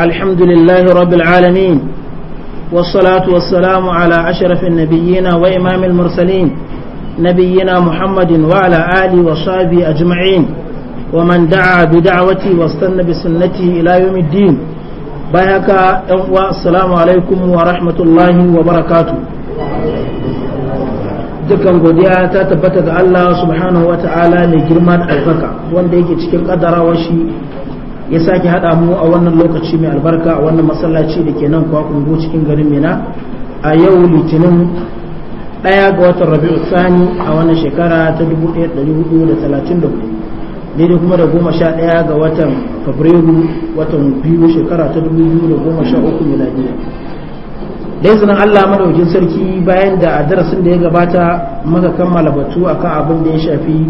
الحمد لله رب العالمين والصلاة والسلام على أشرف النبيين وإمام المرسلين نبينا محمد وعلى آله وصحبه أجمعين ومن دعا بدعوتي واستنى بسنته إلى يوم الدين بيهك السلام عليكم ورحمة الله وبركاته dukkan godiya ta tabbata ga Allah subhanahu wa ta'ala mai girman ɗaukaka wanda yake cikin ƙadarawar shi ya sake haɗa mu a wannan lokaci mai albarka a wannan masallaci da ke nan kwakungo cikin garin mina a yau litinin ɗaya ga watan rabi'u sani a wannan shekara ta 1434 daidai kuma da goma sha ɗaya ga watan fabrairu watan biyu shekara ta 2013 miladiya da izinin Allah madaukin sarki bayan da a darasin da ya gabata muka kammala batu akan abin da ya shafi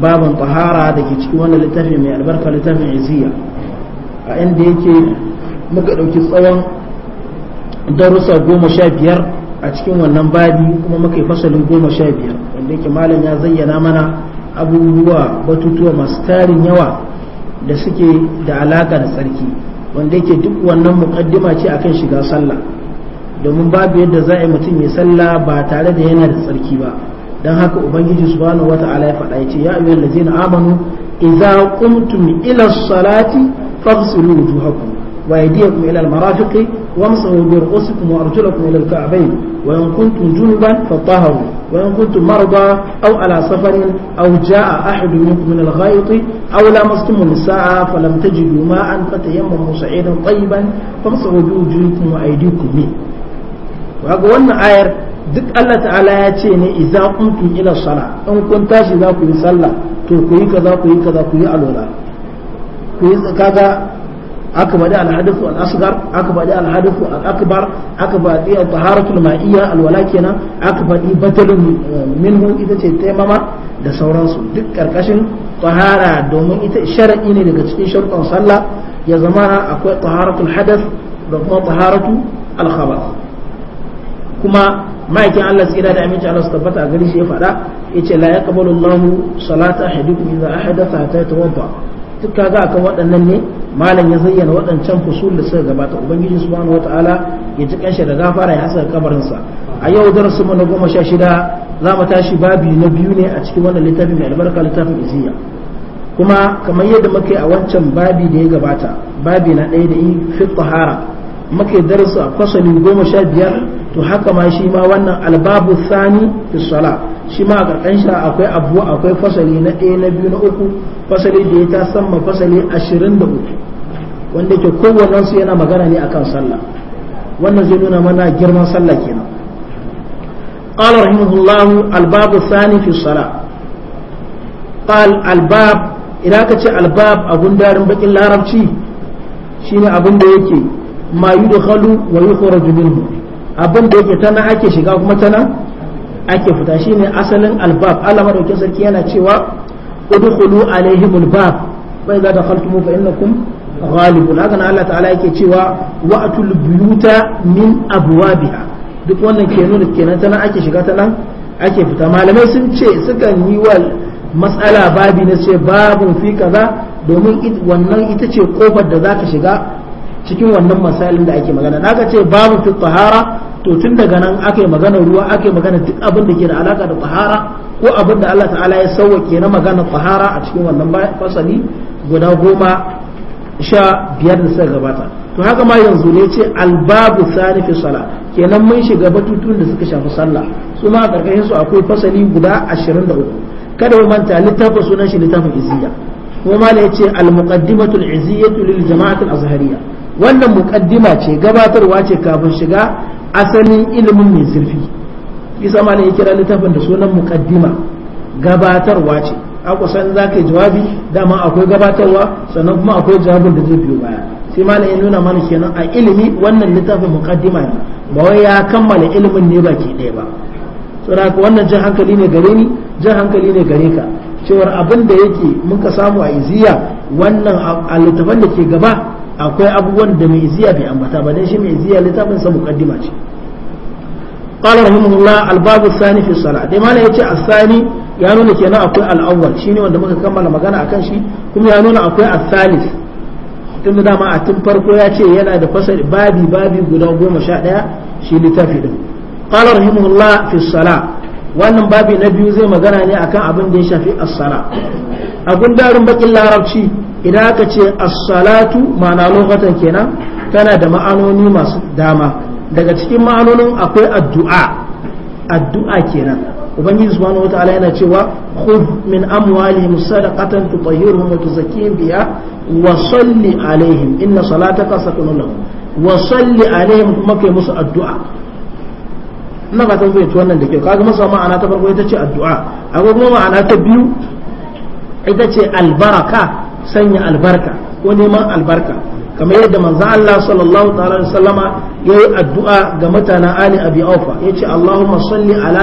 babin tahara da ke cikin wannan littafi mai albarka littafin iziya a inda yake muka ɗauki tsawon darussa goma sha biyar a cikin wannan babi kuma muka yi fasalin goma sha biyar wanda yake malam ya zayyana mana abubuwa batutuwa masu tarin yawa da suke da alaƙa da tsarki wanda yake duk wannan mukaddima ce akan shiga sallah domin babu yadda za a yi mutum ya sallah ba tare da yana da tsarki ba dan haka ubangiji subhanahu wata'ala ya faɗa yace ya ayyuhal ladzina amanu idza qumtum ila ssalati faghsilu wujuhakum wa aydiyakum ila almarafiqi wamsahu bi ru'usikum wa arjulakum ila alka'bayn wa in kuntum junuban fatahharu wa in kuntum marda aw ala safarin aw jaa'a ahadun minkum min al aw lamastum nisaa'a falam tajidu ma'an fatayammamu sa'idan tayyiban faghsilu wujuhakum wa aydiyakum wa ga wannan ayar duk Allah ta'ala ya ce ne idza kuntum ila sala in kun tashi za ku yi sallah to ku yi kaza ku yi kaza ku yi alwala ku yi kaga aka bada alhadithu al-asghar aka bada alhadithu al-akbar aka bada taharatul ma'iyya alwala kenan aka bada badalun eh, minhu ita ce taimama da sauransu duk karkashin tahara domin ita shar'i ne daga cikin sharuɗan sallah ya zama akwai taharatul hadath da kuma taharatu al-khabath kuma ma'aikin Allah su da aminci Allah su tabbata a gari shi ya faɗa ce la yaqbalu Allahu salata ahadukum idza ahdatha ta tawadda duk kaga akan waɗannan ne malam ya zayyana waɗancan fusul da suka gabata ubangiji subhanahu wataala ya ji kanshi da gafara ya hasa kabarinsa a yau darasin mu na goma sha shida za mu tashi babi na biyu ne a cikin wannan littafin mai albarka littafin iziya kuma kamar yadda muke a wancan babi da ya gabata babi na ɗaya da yi fi tahara muke darasa a fasalin goma sha biyar to haka ma shi ma wannan albabu sani fi sala shi ma a karkan akwai abu akwai fasali na ɗaya na biyu na uku fasali da ya ta samma fasali ashirin da uku wanda ke kowannen su yana magana ne akan sallah wannan zai nuna mana girman sallah kenan قال رحمه الله الباب الثاني في الصلاة قال الباب إذا كتش الباب أبن دار بك الله ربشي شين أبن ديكي ما يدخل ويخرج منه abin da yake tana ake shiga kuma tana ake fita shine asalin albab Allah madaukakin sarki yana cewa udkhulu alaihimul bab fa idza dakhaltum fa innakum ghalibun haka nan Allah ta'ala yake cewa wa'tul buyuta min abwabiha duk wannan ke nuna kenan tana ake shiga tana ake fita malamai sun ce sukan yi wa matsala babi na ce babun fi kaza domin wannan ita ce kofar da zaka shiga cikin wannan masalin da ake magana na ce babu fi tahara to tun daga nan aka yi magana ruwa aka yi magana duk abin da ke da alaka da tahara ko abin da Allah ta'ala ya sauwake na magana tahara a cikin wannan fasali guda goma sha biyar da suka gabata to haka ma yanzu ne ce albabu sani fi sala kenan mun shiga batutun da suka shafi sallah su ma a karkashin su akwai fasali guda ashirin da uku kada mu manta littafin sunan shi littafin iziya kuma ma ya ce al-muqaddimatul iziyatu lil jama'atul azhariyah wannan mukaddima ce gabatarwa ce kafin shiga asalin ilimin mai zurfi isa ma ne ya kira littafin da sunan mukaddima gabatarwa ce a kusan za ka yi jawabi dama akwai gabatarwa sannan kuma akwai jawabin da zai biyo baya sai ma ya nuna mana kenan a ilimi wannan littafin mukaddima ne ba wai ya kammala ilimin ne baki ɗaya ba saboda wannan jan hankali ne gare ni jan hankali ne gare ka cewar abin da yake muka samu a iziya wannan a littafan da ke gaba akwai abubuwan da mai iziya bai ambata ba dan shi mai iziya littafin sa muqaddima ce قال رحمه الله الباب dai في ya دي معنى يتي الثاني يانون كينا أقوي الأول شيني وانده مكا كمال shi kuma ya nuna akwai أقوي الثالث tun da ma a tun farko ya ce yana da fasari babi babi guda goma sha ɗaya shi littafi din qala rahimahullah fi sala wannan babi na biyu zai magana ne akan abin da ya shafi as-sala a gundarin bakin larabci idan aka ce as-salatu ma'ana lokatan kenan tana da ma'anoni masu dama daga cikin ma'anonin akwai addu'a addu'a kenan ubangiji subhanahu wataala yana cewa khudh min amwalihim sadaqatan tutahhiruhum wa tuzakkihim biha wa salli alaihim inna salataka sakunun lahum wa salli alaihim kuma kai musu addu'a ina ba ta fahimci wannan da kyau kaga masa ma'ana ta farko ita ce addu'a akwai kuma ma'ana ta biyu ita ce albaraka sanya albarka ko neman albarka kamar yadda manzo Allah sallallahu ta'ala alaihi yayi addu'a ga mutanen Ali Abi Aufa yace Allahumma salli ala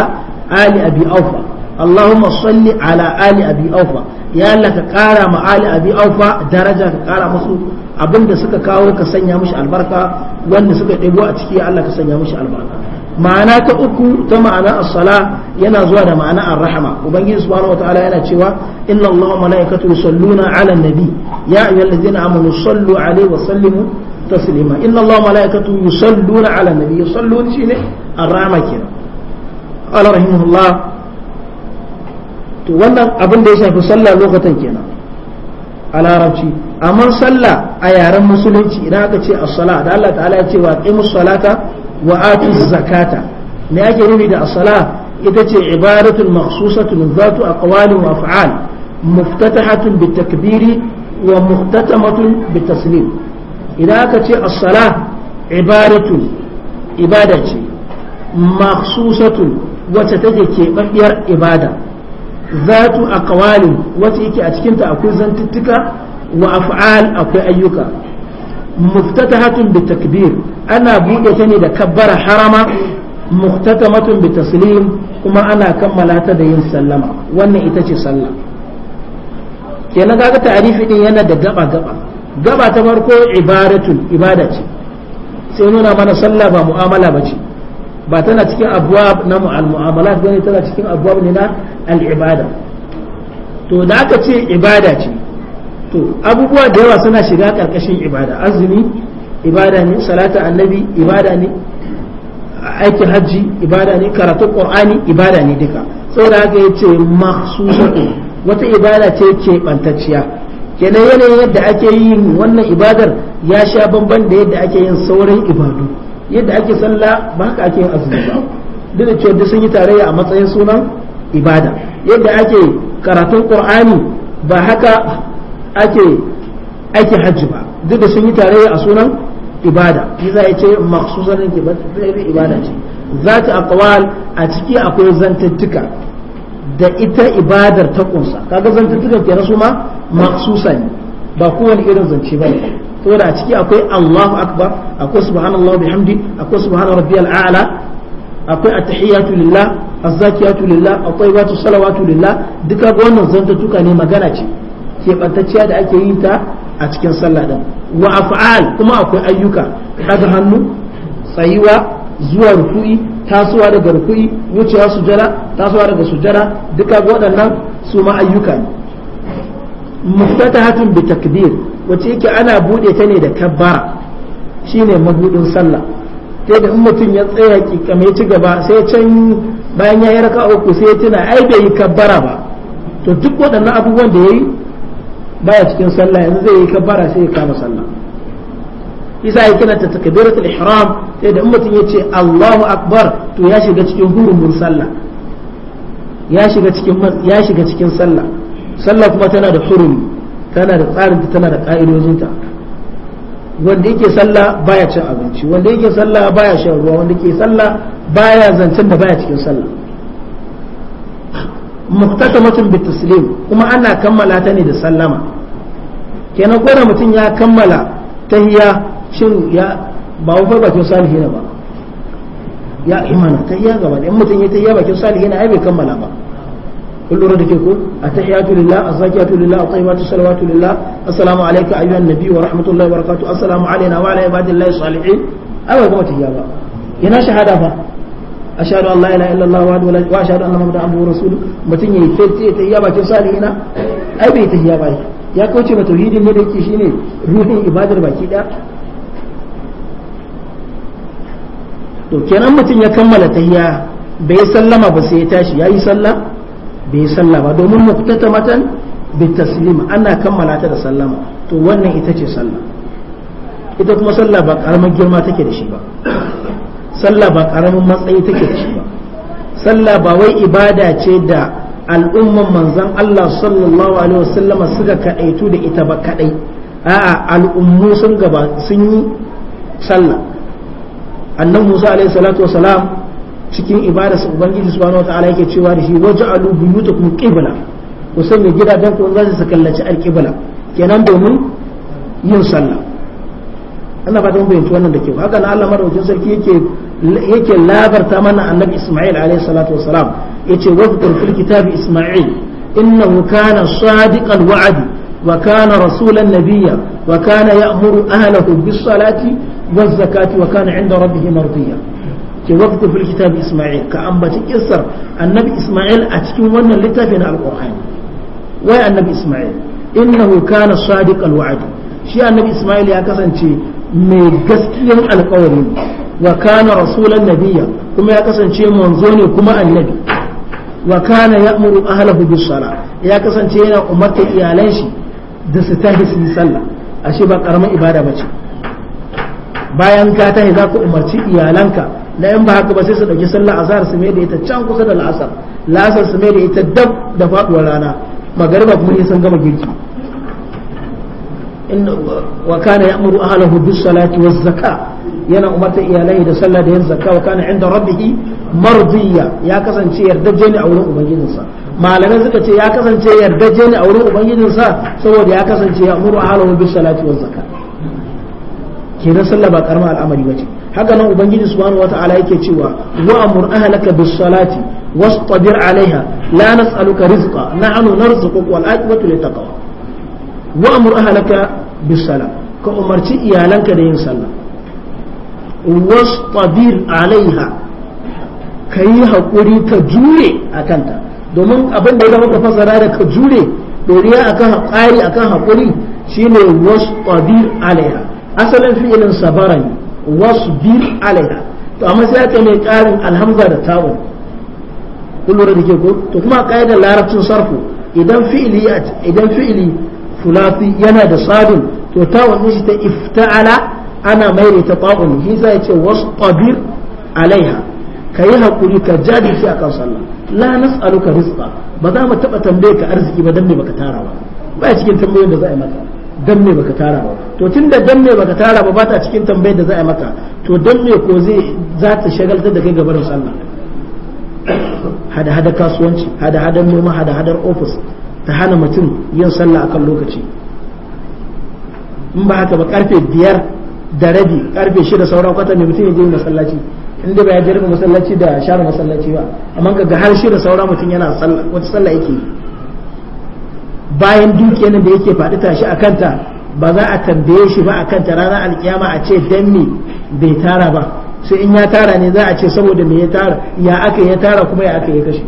Ali Abi Aufa Allahumma salli ala Ali Abi Aufa ya Allah ka kara ma Ali Abi Aufa daraja ka kara musu abinda suka kawo ka sanya mushi albarka wanda suka ɗebo a ciki Allah ka sanya mushi albarka ma'ana ta uku ta ma'ana as-sala yana zuwa da ma'ana ar-rahma ubangiji subhanahu wataala yana cewa inna allaha wa malaikatahu yusalluna 'ala nabi ya ayyuhalladhina amanu sallu 'alaihi wa sallimu taslima inna allaha wa malaikatahu yusalluna 'ala nabi yusallun shine ar-rahma kenan qala rahimahullah to wannan abin da ya shafi sallah lokacin kenan a larabci amma sallah a yaren musulunci idan aka ce as-sala da Allah ta'ala ya ce wa aqimus salata wa atu zakata me ake nufi da asala ita ce ibaratun makhsusatun zatu aqwalin wa af'al muftatahatun bitakbiri wa muhtatamatun bitaslim idan aka ce asala sala ibaratun ibada ce makhsusatun wacce take keɓaɓɓiyar ibada zatu aqwalin wacce yake a cikinta akwai zantuttuka wa af'al akwai ayyuka muftatahatun bi takbir ana buɗe ta ne da kabbara harama muftatamatun bi taslim kuma ana kammala ta da yin sallama wannan ita ce sallah kenan kaga ta'arifi din yana da gaba gaba gaba ta farko ibaratun ibada ce sai nuna mana sallah ba mu'amala ba ce ba tana cikin abwab na muamalat bane tana cikin abwab ne na al-ibada to da aka ce ibada ce to abubuwa da yawa suna shiga ƙarƙashin ibada azumi ibada ne salata annabi ibada ne aikin hajji ibada ne karatun qur'ani ibada ne duka saboda haka yace mahsusatu wata ibada ce ke bantacciya kenan yanayin yadda ake yin wannan ibadar ya sha bamban da yadda ake yin sauran ibadu yadda ake sallah ba haka ake yin azumi ba duk da cewa duk sun yi tarayya a matsayin sunan ibada yadda ake karatun qur'ani ba haka ake ake hajji ba duk da sun yi tarayya a sunan ibada shi za a ce maksusan ibada ce za ta aqwal a ciki akwai zantattuka da ita ibadar ta kunsa kaga zantattukan kenan su ma maksusa ne ba kowane irin zance ba ne saboda a ciki akwai Allahu akbar akwai subhanallah bihamdi akwai subhana rabbiyal a'la akwai attahiyatu lillah azzakiyatu lillah akwai watu salawatu lillah duka wannan zantattuka ne magana ce keɓantacciya da ake yi ta a cikin sallah din wa af'al kuma akwai ayyuka ɗaga hannu tsayuwa zuwa ruku'i tasuwa daga ruku'i wucewa sujada tasuwa daga sujada duka waɗannan su ma ayyuka ne muftatahatun bi takbir wace yake ana buɗe ta ne da kabbara shine mabudin sallah sai da in mutum ya tsaya ya ci gaba sai can bayan ya yi raka uku sai ya tuna ai bai yi kabbara ba to duk waɗannan abubuwan da ya yi baya cikin sallah yanzu zai yi kabbara sai ya kama sallah isa ya kina ta takbiratul ihram sai da mutum ya ce Allahu akbar to ya shiga cikin hurumin sallah ya shiga cikin ya shiga cikin sallah sallah kuma tana da hurumi tana da tsarin ta tana da ta wanda yake sallah baya cin abinci wanda yake sallah baya shan ruwa wanda yake sallah baya zancen da baya cikin sallah muhtatamatun bitaslim kuma ana kammala ta ne da sallama kenan ko da mutum ya kammala tahiya shin ya ba wa farbakin salihin ba ya imana tahiyya gaba in mutum ya tahiyya bakin salihin ai bai kammala ba kun lura da ke ko lillah azzakiyatu lillah at-tayyibatu salawatu lillah assalamu alayka ayyuhan nabiy wa rahmatullahi wa barakatuh assalamu alayna wa ala ibadillahi salihin ai ba kuma ba ina shahada ba ashhadu an la ilaha illallah wa ashhadu anna muhammadan abduhu mutum ya yi yayi sai ta iya bakin salihina ai bai ta iya bai ya kauce ma tauhidin ne da shi ne ruhin ibadar baki daya to kenan mutum ya kammala ta tahiyya bai sallama ba sai ya tashi ya yi sallah bai sallah ba domin ta matan bi taslima ana kammala ta da sallama to wannan ita ce sallah ita kuma sallah ba karamar girma take da shi ba sallah ba karamin matsayi take ci ba sallah ba wai ibada ce da al'umman manzon Allah sallallahu alaihi wasallama suka kadaitu da ita ba kadai a'a al'ummu sun gaba sun yi sallah annan Musa alaihi salatu wasalam cikin ibadarsa ubangiji subhanahu wataala yake cewa da shi waj'alu buyutakum qibla ku sanya gidajen ku za su kallaci alqibla kenan domin yin sallah Allah ba ta mun bayyana wannan da kyau haka na Allah madaukakin sarki yake yake labarta mana annabi Isma'il alaihi salatu wasalam yace wazkur fil kitabi Isma'il innahu kana al wa'di wa kana rasulan nabiyya wa kana ya'muru ahlahu bis salati waz zakati wa kana 'inda rabbih mardiya ke wazkur fil kitabi Isma'il ka ambaci kissar annabi Isma'il a cikin wannan littafin alqur'ani wai annabi Isma'il innahu kana al wa'di shi annabi Isma'il ya kasance mai gaskiyan alƙawari wa kana rasulan nabiyya kuma ya kasance manzo ne kuma annabi wa kana ya'muru ahlahu bis sala ya kasance yana umarta iyalan shi da su tahi su yi sallah ashe ba karamar ibada bace bayan ka tahi za ka umarci iyalanka da in ba haka ba sai su dauki sallah azhar su mai da ita can kusa da la'asar la'asar su mai da ita dab da faduwar rana magariba kuma sai sun gama girki wa kana ya'muru ahlahu bis salati waz zakah yana umarta iyalai da sallah da yin zakka wa kana inda rabbih mardiya ya kasance yardaje ne a wurin ubangijinsa malamai suka ce ya kasance yardaje ne a wurin ubangijinsa saboda ya kasance ya'muru ahlahu bis salati waz al'amari bace haka nan ubangiji subhanahu wataala yake cewa wa amur ahlaka bis salati wastabir alaiha la nas'aluka rizqa nahnu narzuquka wal aqibatu littaqwa wa'amur ahalaka bis sala ka umarci iyalanka da yin sallah wastabir alaiha ka yi haƙuri ka jure a kanta domin abin da ya ka fasara da ka jure a kan haƙari akan haƙuri shine wastabir alaiha asalin fi'ilin sabara ne bir alaiha to amma sai aka mai ƙarin alhamza da ta'un kun da ke ko to kuma ƙa'idar larabcin sarfu idan fi'ili idan fi'ili sulasi yana da sadun to ta wannan shi ta ifta'ala ana maida ta ta'un shi sai ya ce wasqabir alaiha yi hakuri ka jajirce akan sallah la ka rizqa ba za mu taɓa tambaye ka arziki ba dan me baka tara ba ba cikin tambayoyin da za a yi maka dan me baka tara ba to tunda dan me baka tara ba ba ta cikin tambayar da za a yi maka to dan me ko zai za ta shagaltar da kai gaban sallah hada hadar kasuwanci hada-hadar noma hada-hadar ofis ta hana mutum yin sallah akan lokaci in ba haka ba karfe biyar da rabi karfe shida sauran kwata ne mutum ya je masallaci inda ba ya je masallaci da share masallaci ba amma ga har shida sauran mutum yana sallah wata sallah yake bayan dukiyar da yake faɗi tashi a kanta ba za a tambaye shi ba a kanta ranar alkiyama a ce dan me bai tara ba sai in ya tara ne za a ce saboda me ya tara ya aka ya tara kuma ya aka ya kashe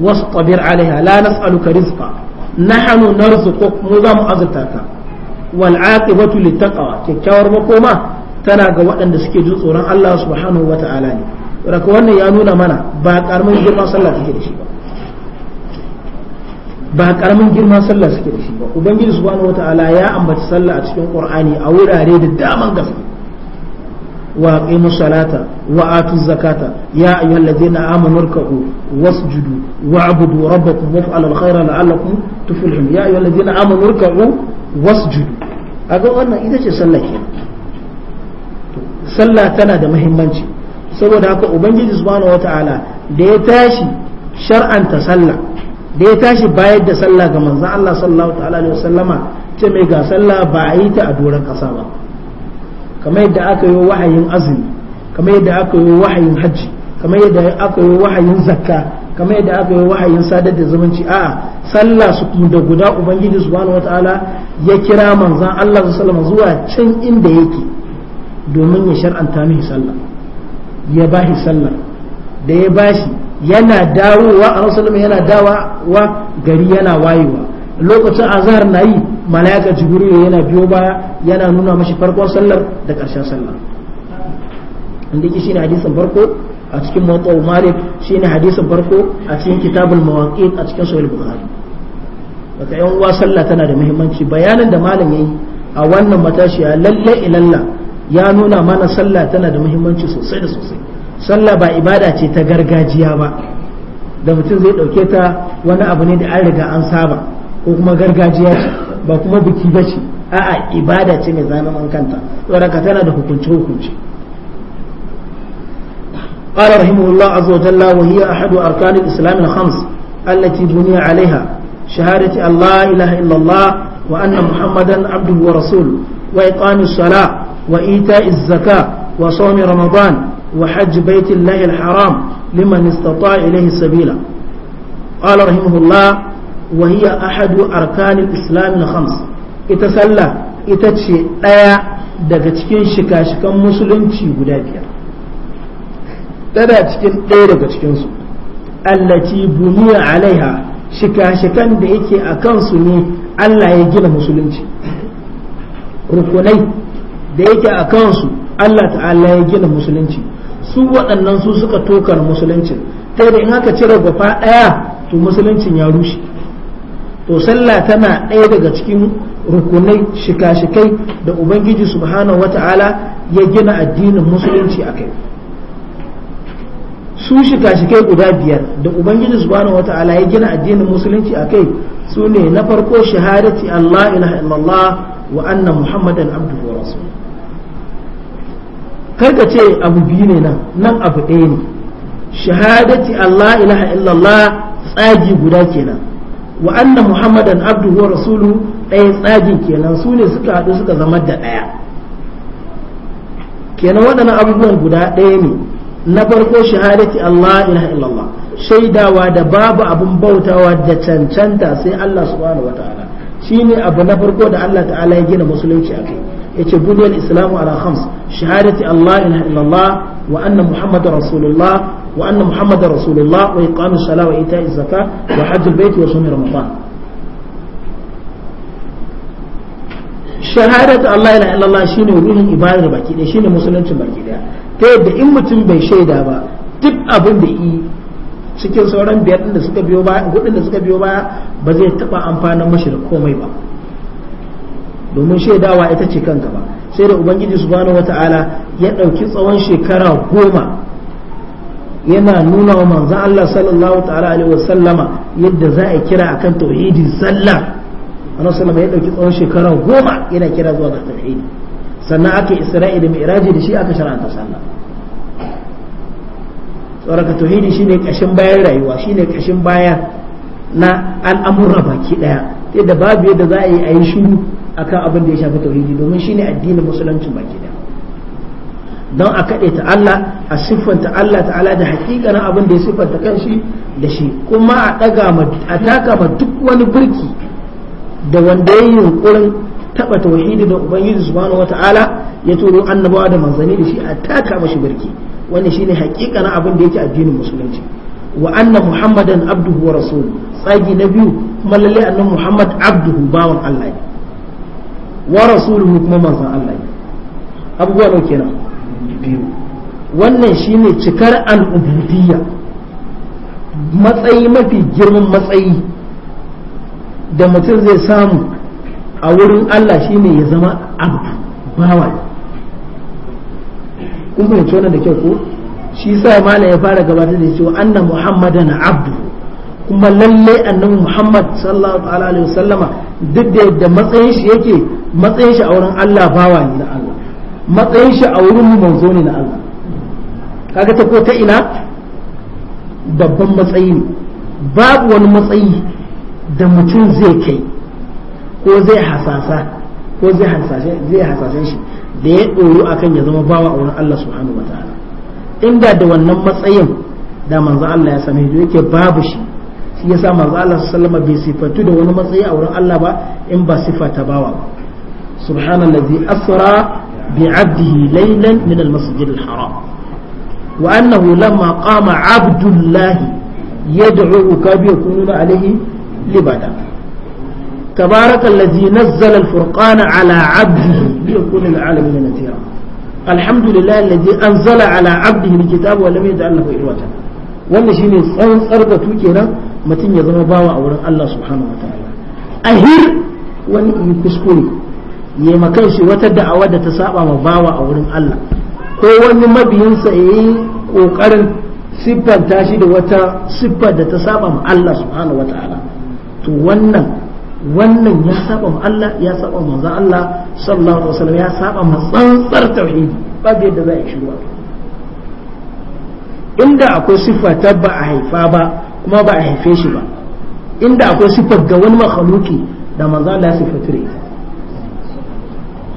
واصطبر عليها لا نسألك رزقا نحن نرزقك مزام أزرتك والعاقبة للتقوى كيكاور مقومة تنا قوات أن تسكي جزء الله سبحانه وتعالى raka wannan ya nuna mana ba karamin girma sallah take da shi ba ba karamin girma sallah suke da shi ba ubangiji subhanahu wataala ya ambaci sallah a cikin qur'ani a wurare da daman gaske وأقيموا الصلاة وآتوا الزكاة يا أيها الذين آمنوا اركعوا واسجدوا واعبدوا ربكم وافعلوا الخير لعلكم تفلحون يا أيها الذين آمنوا اركعوا واسجدوا aga wannan ita ce sallah ke tana da muhimmanci saboda haka ubangiji subhanahu wataala da ya tashi shar'anta sallah da ya tashi bayar da sallah ga manzon Allah sallallahu ta'ala alaihi wasallama ce mai ga sallah ba a yi ta a doron kasa ba kamar yadda aka yi wahayin azumi kamar yadda aka yi wahayin hajji kamar yadda aka yi wahayin zakka kamar yadda aka yi wahayin sadar da zumunci a'a sallah su da guda ubangiji subhanahu wataala ya kira manzon Allah sallallahu alaihi zuwa can inda yake domin ya shar'anta mihi sallah ya bashi sallah da ya bashi yana dawowa a sallallahu yana dawowa gari yana wayewa lokacin azhar na yi mala'ika jibril yana biyo baya yana nuna mashi farkon sallar da ƙarshen sallar inda yake shine hadisin farko a cikin mawqif malik shine hadisin farko a cikin kitabul mawaqit a cikin sahih bukhari daga yan uwa sallah tana da muhimmanci bayanin da malam yayi a wannan matashiya lalle ilalla ya nuna mana sallah tana da muhimmanci sosai da sosai sallah ba ibada ce ta gargajiya ba da mutum zai ɗauke ta wani abu ne da an riga an saba ko kuma gargajiya ce ba kuma biki ba ce a'a ibada ce mai zaman kanta tsoraka tana da hukunce hukunce قال رحمه الله عز وجل وهي أحد أركان الإسلام الخمس التي بني عليها شهادة أن لا إله إلا الله وأن محمدا عبده ورسوله وإقام الصلاة وإيتاء الزكاة وصوم رمضان وحج بيت الله الحرام لمن استطاع إليه سبيلا قال رحمه الله wa ahadu arkanil islam al ita sallah ita ce ɗaya daga cikin shika-shikan musulunci guda biyar tana cikin ɗaya daga cikinsu allaci buniya alaiha shika-shikan da yake a kansu ne Allah ya gina musulunci rukunai da yake a kansu Allah ta'ala ya gina musulunci su waɗannan su suka tokar musuluncin ta da in aka cire gaba ɗaya to musuluncin ya rushe to sallah tana ɗaya daga cikin rukunai shika-shikai da ubangiji subhanahu wata'ala ya gina addinin musulunci a kai su shika-shikai guda biyar da ubangiji subhanahu wata'ala ya gina addinin musulunci a kai su ne na farko shahadati Allah ilaha illallah wa anna muhammadan abduhu wa rasul karka ce abu biyu ne nan nan abu ɗaya ne shahadati Allah ilaha illallah tsagi guda kenan wa anna muhammadan abduhu wa rasulu ɗaya tsaji kenan su ne suka haɗu suka zama da ɗaya kenan waɗannan abubuwan guda ɗaya ne na farko shahadati Allah ilaha illallah shaidawa da babu abin bautawa da cancanta sai Allah subhanahu wataala shine abu na farko da Allah ta'ala ya gina musulunci a kai. yace buniyal islamu ala khams shahadati allah ilaha illallah wa anna muhammadar rasulullah wa anna muhammadar rasulullah wa iqamus salah wa ita'iz zakat wa hajjul bait wa sawmi ramadan shahadatu Allah ila illallah shine ruhin ibadar baki ɗaya shine musuluncin baki ɗaya ta yadda in mutum bai shaida ba duk abin da yi cikin sauran biyar da suka biyo baya hudun da suka biyo baya ba zai taba amfanin mashi da komai ba domin shaidawa ita ce kanka ba sai da ubangiji subhanahu wata'ala ya ɗauki tsawon shekara goma yana nuna wa manzan Allah sallallahu ta'ala alaihi wa sallama yadda za a kira akan tauhidin sallah annabi sallama ya ɗauki tsawon shekara goma yana kira zuwa ga tauhidi sannan aka isra'ila mai mi'raji da shi aka shar'anta sallah tsoraka tauhidi shine kashin bayan rayuwa shine kashin baya na al'amurra baki daya yadda babu yadda za a yi a yi shiru akan abin da ya shafi tauhidi domin shine addinin musulunci ba da don a kaɗe ta Allah a siffanta Allah ta'ala da hakikanin abin da ya siffanta kanshi da shi kuma a ɗaga a taka ma duk wani birki da wanda ya yi yunkurin taɓa tauhidi da ubangiji subhanahu wata'ala ya turo annabawa da manzanni da shi a taka mashi birki wannan shine hakikanin abin da yake addinin musulunci wa anna muhammadan abduhu wa rasuluhu tsagi na biyu kuma lalle annabi muhammad abduhu bawan Allah ne wa rasuluhu kuma manzon Allah abubuwa nawa kenan biyu wannan shine cikar al'ubudiyya matsayi mafi girman matsayi da mutum zai samu a wurin Allah shine ya zama abu bawa kun fahimci wannan da kyau ko shi sa malam ya fara gabatar da cewa anna muhammadan abdu kuma lalle annabi Muhammad sallallahu alaihi wasallama duk da yadda matsayin shi yake matsayin shi a wurin Allah bawa ne na Allah matsayin shi a wurin mu manzo ne na Allah kaga ta ko ta ina babban matsayi ne babu wani matsayi da mutum zai kai ko zai hasasa ko zai hasashe zai hasashe shi da ya ɗoro akan ya zama bawa a wurin Allah subhanahu wataala inda da wannan matsayin da manzo Allah ya same shi yake babu shi shi yasa manzo Allah sallama bai da wani matsayi a wurin Allah ba in ba sifa ta bawa ba subhanallazi asra bi 'abdihi laylan min al-masjid al-haram wa annahu lamma qama 'abdullah yad'u kabi yakununa alayhi libada تبارك الذي نزل الفرقان على عبده ليكون العالمين نذيرا الحمد لله الذي أنزل على عبده الكتاب ولم يجعل له إلوة wanda shine tsantsar batu kenan mutum ya zama bawa a wurin Allah subhanahu wataala ahir wani yi kuskure ya makan shi wata da'awa da ta saba ma bawa a wurin Allah ko wani mabiyinsa ya yi kokarin siffanta tashi da wata siffa da ta saba ma Allah subhanahu wataala to wannan wannan ya saba ma Allah ya saba manzo Allah sallallahu alaihi wasallam ya saba ma tsantsar tauhidi babu yadda za a yi shiruwa inda akwai siffa ta ba a haifa ba kuma ba a haife shi ba inda akwai siffar ga wani makhaluki da manzo Allah ya siffatu da ita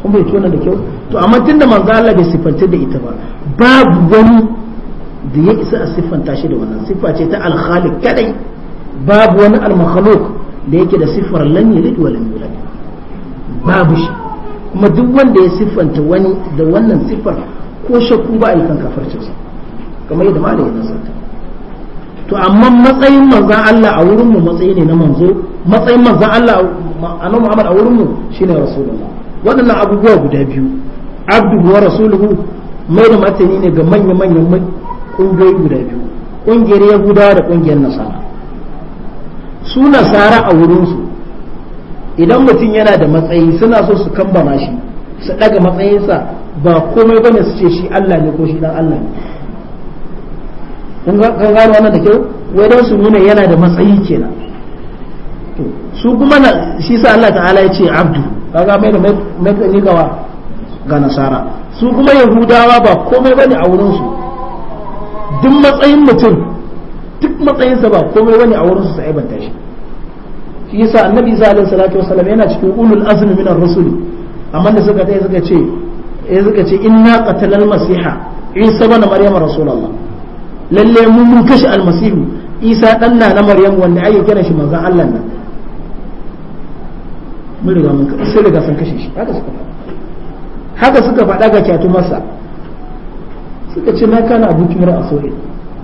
kun bai tona da kyau to amma tunda manzo Allah bai siffanta da ita ba babu wani da ya isa a siffanta shi da wannan siffa ce ta al-khaliq kadai babu wani al-makhluq da yake da siffar lan yalid wa lam yulad babu shi kuma duk wanda ya siffanta wani da wannan siffar ko shakku ba a yi kan kafarcinsa kamar yadda malam na nasarta to amma matsayin manzan Allah a wurin mu matsayi ne na manzo matsayin manzan Allah a nan Muhammad a wurin mu shine rasulullah waɗannan abubuwa guda biyu abdu wa rasuluhu mai da martani ne ga manya-manyan kungiyoyi guda biyu ƙungiyar yahudawa da ƙungiyar nasara su nasara a wurin su idan mutum yana da matsayi suna so su kambama shi su ɗaga matsayinsa ba komai bane su ce shi Allah ne ko shi dan Allah ne kun gano wannan da kyau wai don su nuna yana da matsayi kenan to su kuma na shi sa Allah ta'ala ya ce abdu kaga mai da mai ni gawa ga nasara su kuma yahudawa ba komai bane a wurin su duk matsayin mutum duk matsayin sa ba komai bane a wurin su sai ban tashi. shi yasa annabi sallallahu alaihi wasallam yana cikin ulul azmi min ar-rusul amma da suka dai suka ce eh suka ce inna qatalal masiha isa bana maryam rasulullah lalle mun mun kashe almasihu isa dan na na maryam wanda ake kira shi manzon Allah nan mun riga mun sai riga sun kashe shi haka suka haka suka faɗa ga kyatu masa suka ce ma kana abokin ra'a saurin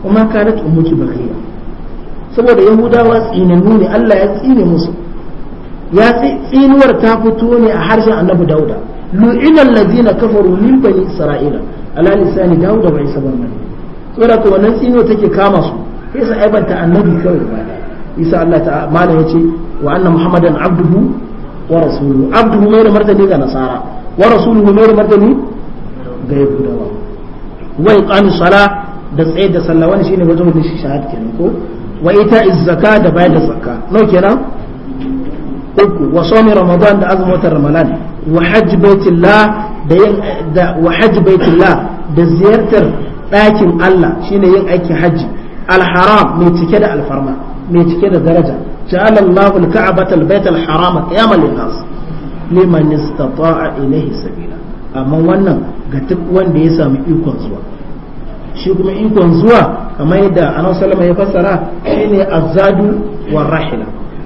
kuma kanat ummuki bakriya saboda yahudawa tsinannu ne Allah ya tsine musu ya tsinuwar ta fito ne a harshen annabi dauda lu'ina allazina kafaru min bani isra'ila ala lisani dauda wa isa bin maryam saboda to wannan tsino take kama su sai su aibanta annabi kawai ba isa Allah ta'ala ya ce wa anna muhammadan abduhu wa rasuluhu abduhu mai da martani ga nasara wa rasuluhu mai da martani ga yahudawa wai qanu sala da tsaye da sallah wani shine wajen mutum shi shahad kenan ko wa ita zakka da bayar da zakka nau kenan uku wa sami ramadan da azumin watan ramadan wa hajji baitillah da yin da wa hajj baitillah da ziyartar ɗakin Allah shine yin aikin hajji alharam mai cike da alfarma mai cike da daraja ja'ala Allahu al-ka'bata al-bayt al-harama qiyaman lin-nas liman istata'a ilayhi sabila amma wannan ga duk wanda ya samu ikon zuwa shi kuma ikon zuwa kamar yadda Annabi sallallahu ya fassara shine azadu wa rahila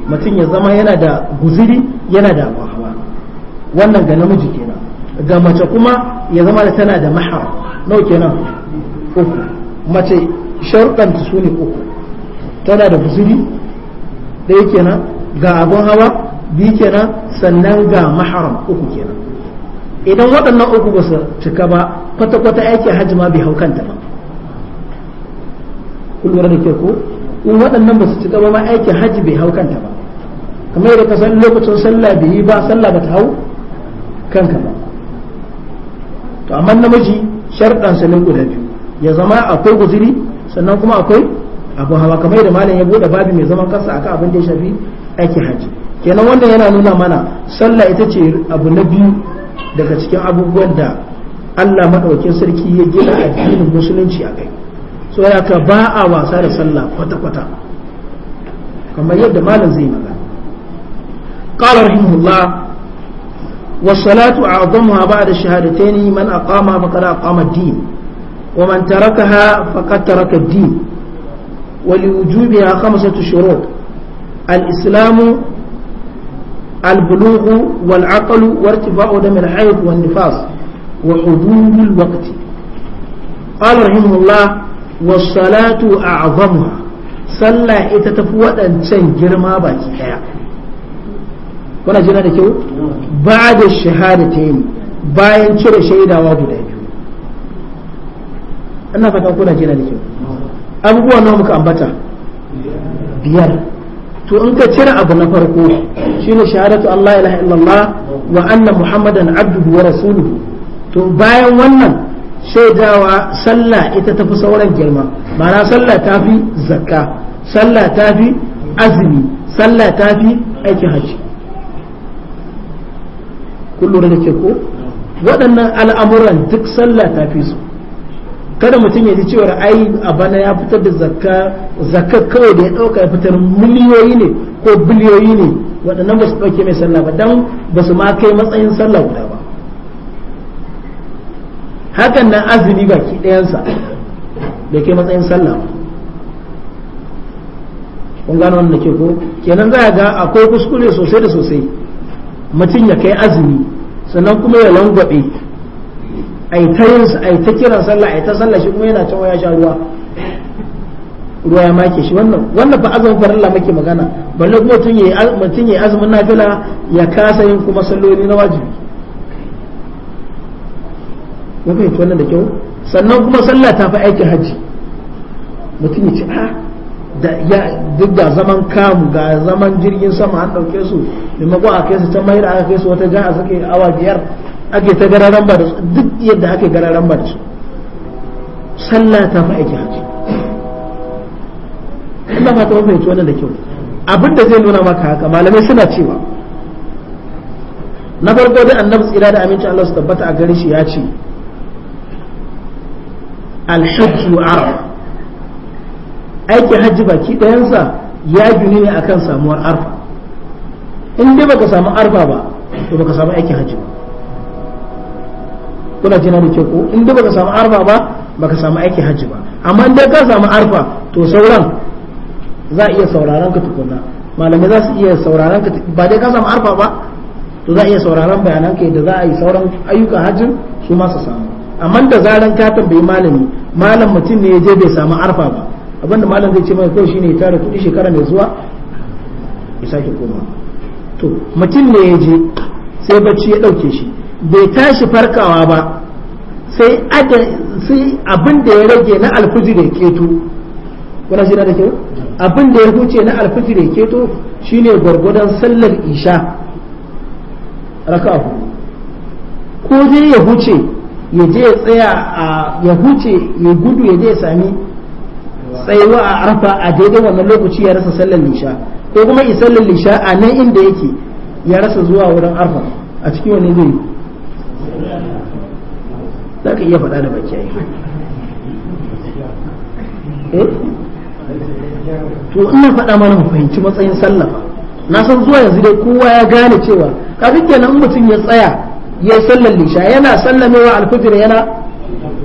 mutum ya zama yana da guziri yana da wahawa wannan ga namiji kenan ga mace kuma ya zama da tana da mahar nau kenan uku mace sharuɗanta su ne uku tana da guzuri ɗaya kenan ga abin hawa biyu kenan sannan ga maharam uku kenan idan waɗannan uku ba su cika ba kwata-kwata aiki hajji ma bai hau kanta ba kullum da ke ko in waɗannan ba su cika ba ma aikin hajji bai hau kanta ba kamar yadda ka san lokacin sallah bai yi ba sallah ba ta hau kanka ba to amma namiji sharɗansa ne guda biyu ya zama akwai guziri sannan kuma akwai abu hawa kamar da malam ya bude babi mai zaman kansa akan abin da ya shafi aiki haji kenan wannan yana nuna mana sallah ita ce abu na biyu daga cikin abubuwan da Allah madaukakin sarki ya gina addinin musulunci a kai so ka ba a wasa da sallah kwata-kwata kamar yadda malam zai magana قال رحمه الله والصلاة أعظمها بعد الشهادتين من أقامها فقد أقام الدين ومن تركها فقد ترك الدين ولوجوبها خمسة شروط الإسلام البلوغ والعقل وارتفاع دم الحيض والنفاس وحضور الوقت قال رحمه الله والصلاة أعظمها صلى إتتفوت أن تنجر ما باكي kuna jira da kyau ba da shahadatain bayan cire shaidawa guda ina fatan kuna jina da kyau abubuwa nawa muka ambata biyar to in ka cire abu na farko shine shahadatu Allah ilaha illallah wa anna muhammadan abduhu wa rasuluhu to bayan wannan shaidawa sallah ita tafi sauran girma ma'ana sallah tafi fi zakka sallah ta azumi sallah tafi fi aikin hajji kun da ke ko waɗannan al'amuran duk sallah tafi su kada mutum ya ji cewa ai a bana ya fitar da zakka zakka kawai da ya dauka ya fitar miliyoyi ne ko biliyoyi ne waɗannan ba su ɗauke mai sallah ba dan ba su ma kai matsayin sallah guda ba hakan nan azumi baki ɗayansa da kai matsayin sallah ba kun gano wannan ke ko kenan za ga akwai kuskure sosai da sosai mutum ya kai azumi sannan kuma ya langwabe ai ta yin ai ta kiran sallah ai ta sallah shi kuma yana cewa ya sha ruwa ruwa ya make shi wannan wannan ba azumin farilla muke magana balle tun yayi mutum ya azumin nafila ya kasa yin kuma salloli na wajibi ko kai wannan da kyau sannan kuma sallah ta fi aikin haji mutum ya ce a ah, da ya duk da zaman kamu ga zaman jirgin sama an dauke su maimakon a kai su can mahira aka kai su wata jiha suke awa biyar ake ta gararan ba da su duk yadda ake gararan ba da su sallah ta fi aiki haji Allah ba ta fahimci wannan da kyau abin da zai nuna maka haka malamai suna cewa na farko dai annabi tsira da amincin Allah su tabbata a gare shi ya ce alhajju arfa aiki hajji baki dayansa ya gini ne akan samuwar arfa in dai baka samu arfa ba to baka samu aikin hajji ba kuna jina da ke ko in dai baka samu arfa ba baka samu aiki hajji ba amma in dai ka samu arfa to sauran za a iya sauraron ka tukunna malamai za su iya sauraron ka ba dai ka samu arfa ba to za a iya sauraron bayanan ka da za a yi sauran ayyukan hajjin su ma su samu amma da zaran ka tambayi malami malam mutum ne ya je bai samu arfa ba abinda malam zai ce mai kawai shine ya tara kuɗi shekara mai zuwa ya sake koma to mutum ne ya je sai bacci ya ɗauke shi bai tashi farkawa ba sai abin da ya rage na alfijir ya keto wani shi da kyau abin da ya huce na alfijir ya keto shine gwargwadon sallar isha raka ko zai ya huce ya je ya tsaya a ya huce ya gudu ya je ya sami tsayuwa a arfa a daidai wannan lokaci ya rasa sallar lisha ko kuma isallar lisha a nan inda yake ya rasa zuwa wurin arfa a cikin wani zai za iya faɗa da baki eh? to ina faɗa mana mu fahimci matsayin sallah na san zuwa yanzu dai kowa ya gane cewa kafin kenan mutum ya tsaya ya sallar lisha yana sallamewa alfijir yana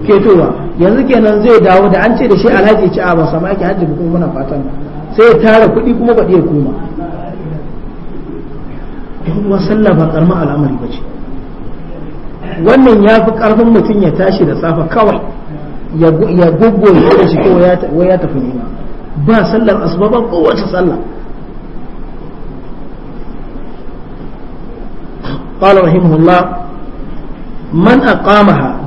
ketowa yanzu kenan zai dawo da an ce da shi alhaji ci a ba sama ake hajji kuma muna fatan sai ya tara kuɗi kuma ba ya koma yan uwa sallah ba karma al'amari ba ce wannan ya fi ƙarfin mutum ya tashi da safa kawai ya goggo ya da shi ko ya tafi nema ba sallar asuba ba kowace sallah قال رحمه الله man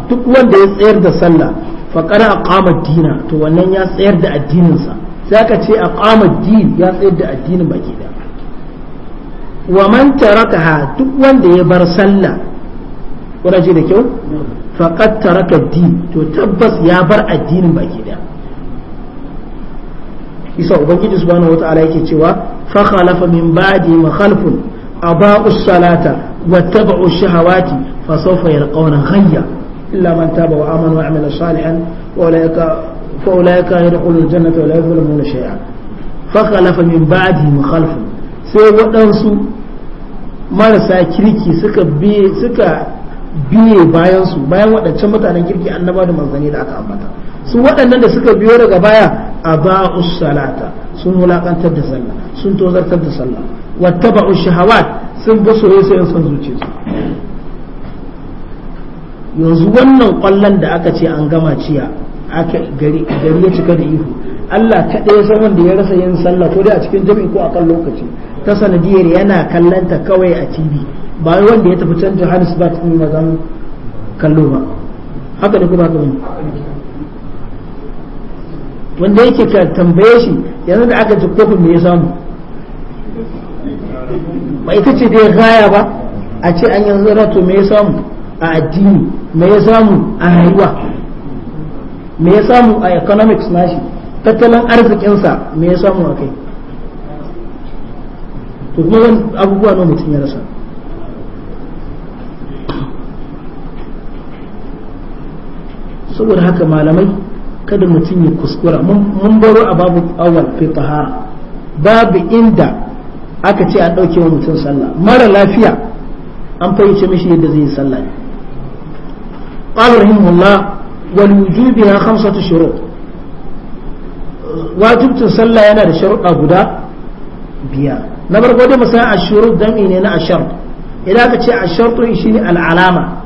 duk wanda ya tsayar da sallah fa qara aqama dina to wannan ya tsayar da addinin sa sai aka ce aqama din ya tsayar da addinin baki da wa man tarakaha duk wanda ya bar sallah kuna ji da kyau faqad taraka din to tabbas ya bar addinin baki daya isa ubangiji subhanahu wataala yake cewa fa khalafa min ba'di ma khalfun aba'u salata wa tabu'u shahawati fa sawfa yalqawna ghayya illa man taba wa amana wa amila salihan wa ulaika fa ulaika yadkhulu aljannata wa la yuzlamuna shay'a fa khalafa min ba'di ma khalfun sai wadansu marasa kirki suka bi suka biye bayansu bayan waɗancan mutanen kirki annaba da manzanni da aka ambata su waɗannan da suka biyo daga baya a ba'us salata sun wulaƙantar da sallah sun tozartar da sallah wattaba'u shahawat sun bi soyayya sai son zuciyarsu yanzu wannan kwallon da aka ce an gama ciya aka gari ya cika da ihu Allah kaɗai ya san wanda ya rasa yin sallah ko dai a cikin jami'i ko a kan lokaci ta sanadiyar yana kallanta kawai a TV ba wai wanda ya tafi can Johannesburg su ba zan kallo ba haka da kuma haka wanda yake ka tambaye shi yanzu da aka ji kofin me ya samu ba ita ce dai gaya ba a ce an yanzu rato me ya samu a addini me ya samu a rayuwa me ya samu a economics nashi tattalin arzikinsa me ya samu a kai to kuma abubuwa ne mutum ya rasa saboda haka malamai kada mutum ya kuskura mun baro a babu awal fi tahara babu inda aka ce a ɗauke wa mutum sallah mara lafiya an fahimci mishi yadda zai yi sallah ne قال رحمه الله ولوجوبها خمسة شروط wajibcin sallah yana da sharuɗa guda biyar na farko dai musa san shurut dami ne na ashar idan aka ce ashar to shi ne al'alama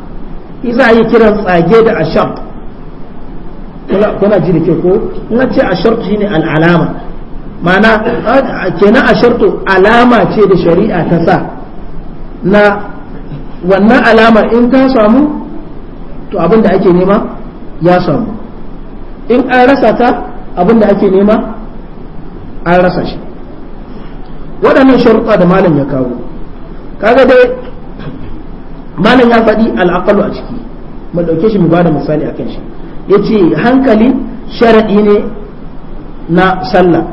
isa yi kiran tsage da ashar kuna ji da ke ko na ce a shartu shine al'alama mana kenan a shartu alama ce da shari'a ta sa na wannan alamar in ka samu to abin da ake nema ya samu in an rasa ta abin da ake nema an rasa shi waɗannan sharuɗa da malam ya kawo kaga dai malam ya faɗi al'aqalu a ciki mu ɗauke shi mu ba da misali akan shi yace hankali sharaɗi ne na sallah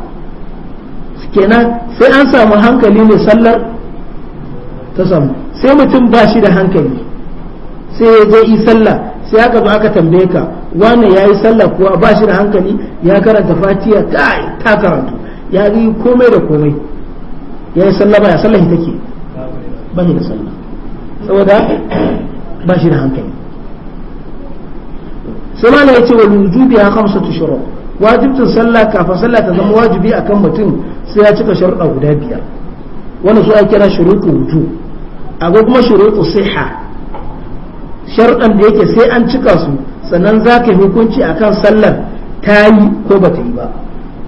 kenan sai an samu hankali ne sallar ta samu sai mutum ba shi da hankali sai ya je yi sallah sai aka zo aka tambaye ka wannan ya yi sallah kuwa ba shi da hankali ya karanta fatiya kai ta karanta ya yi komai da komai ya yi sallah ba ya sallah ke ba shi da sallah saboda ba shi da hankali sai ya ce wa wujubi ya khamsatu shuru wajibcin sallah kafin sallah ta zama wajibi akan mutum sai ya cika sharuɗa guda biyar wani su ake kira shurutu wuju akwai kuma shurutu siha sharuɗan da yake sai an cika su sannan za ka yi hukunci akan sallar ta yi ko ba ta yi ba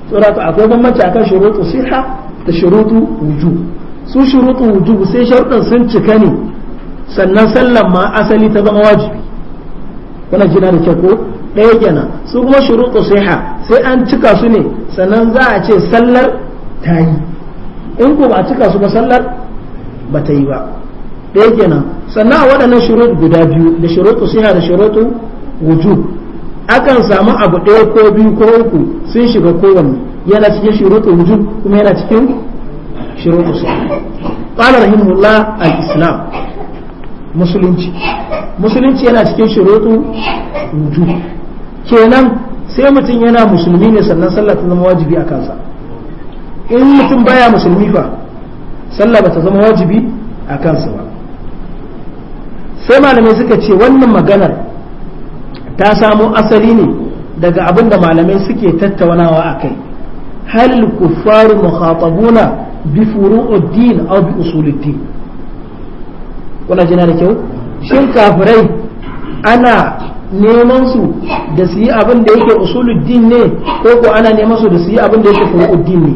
tsoraka akwai bambanci akan shurutu siha da shurutu wuju su shurutu wuju sai sharuɗan sun cika ne sannan sallar ma asali ta zama wajibi kuna jina da kyau ko ɗaya kenan su kuma shuruɗu siha sai an cika su ne sannan za a ce sallar ta yi in ko ba a cika su ba sallar ba ta yi ba ɗaya kenan sannan a waɗannan shuruɗ guda biyu da shuruɗu siha da shuruɗu wujub akan samu abu ɗaya ko biyu ko uku sun shiga kowanne yana cikin shuruɗu wuju kuma yana cikin shuruɗu siha qala rahimullah al-islam musulunci musulunci yana cikin shirutu wuju kenan sai mutum yana musulmi ne sannan sallah ta zama wajibi a kansa in mutum baya musulmi fa sallah ba ta zama wajibi a kansa ba sai malamai suka ce wannan maganar ta samo asali ne daga abin da malamai suke tattaunawa a kai hal kuffaru mukhatabuna bi furu'ud din aw bi usulid din wannan jina da kyau shin kafirai ana neman su da su yi abin da yake usuluddin ne ko ko ana neman su da su yi abin da yake furu'uddin ne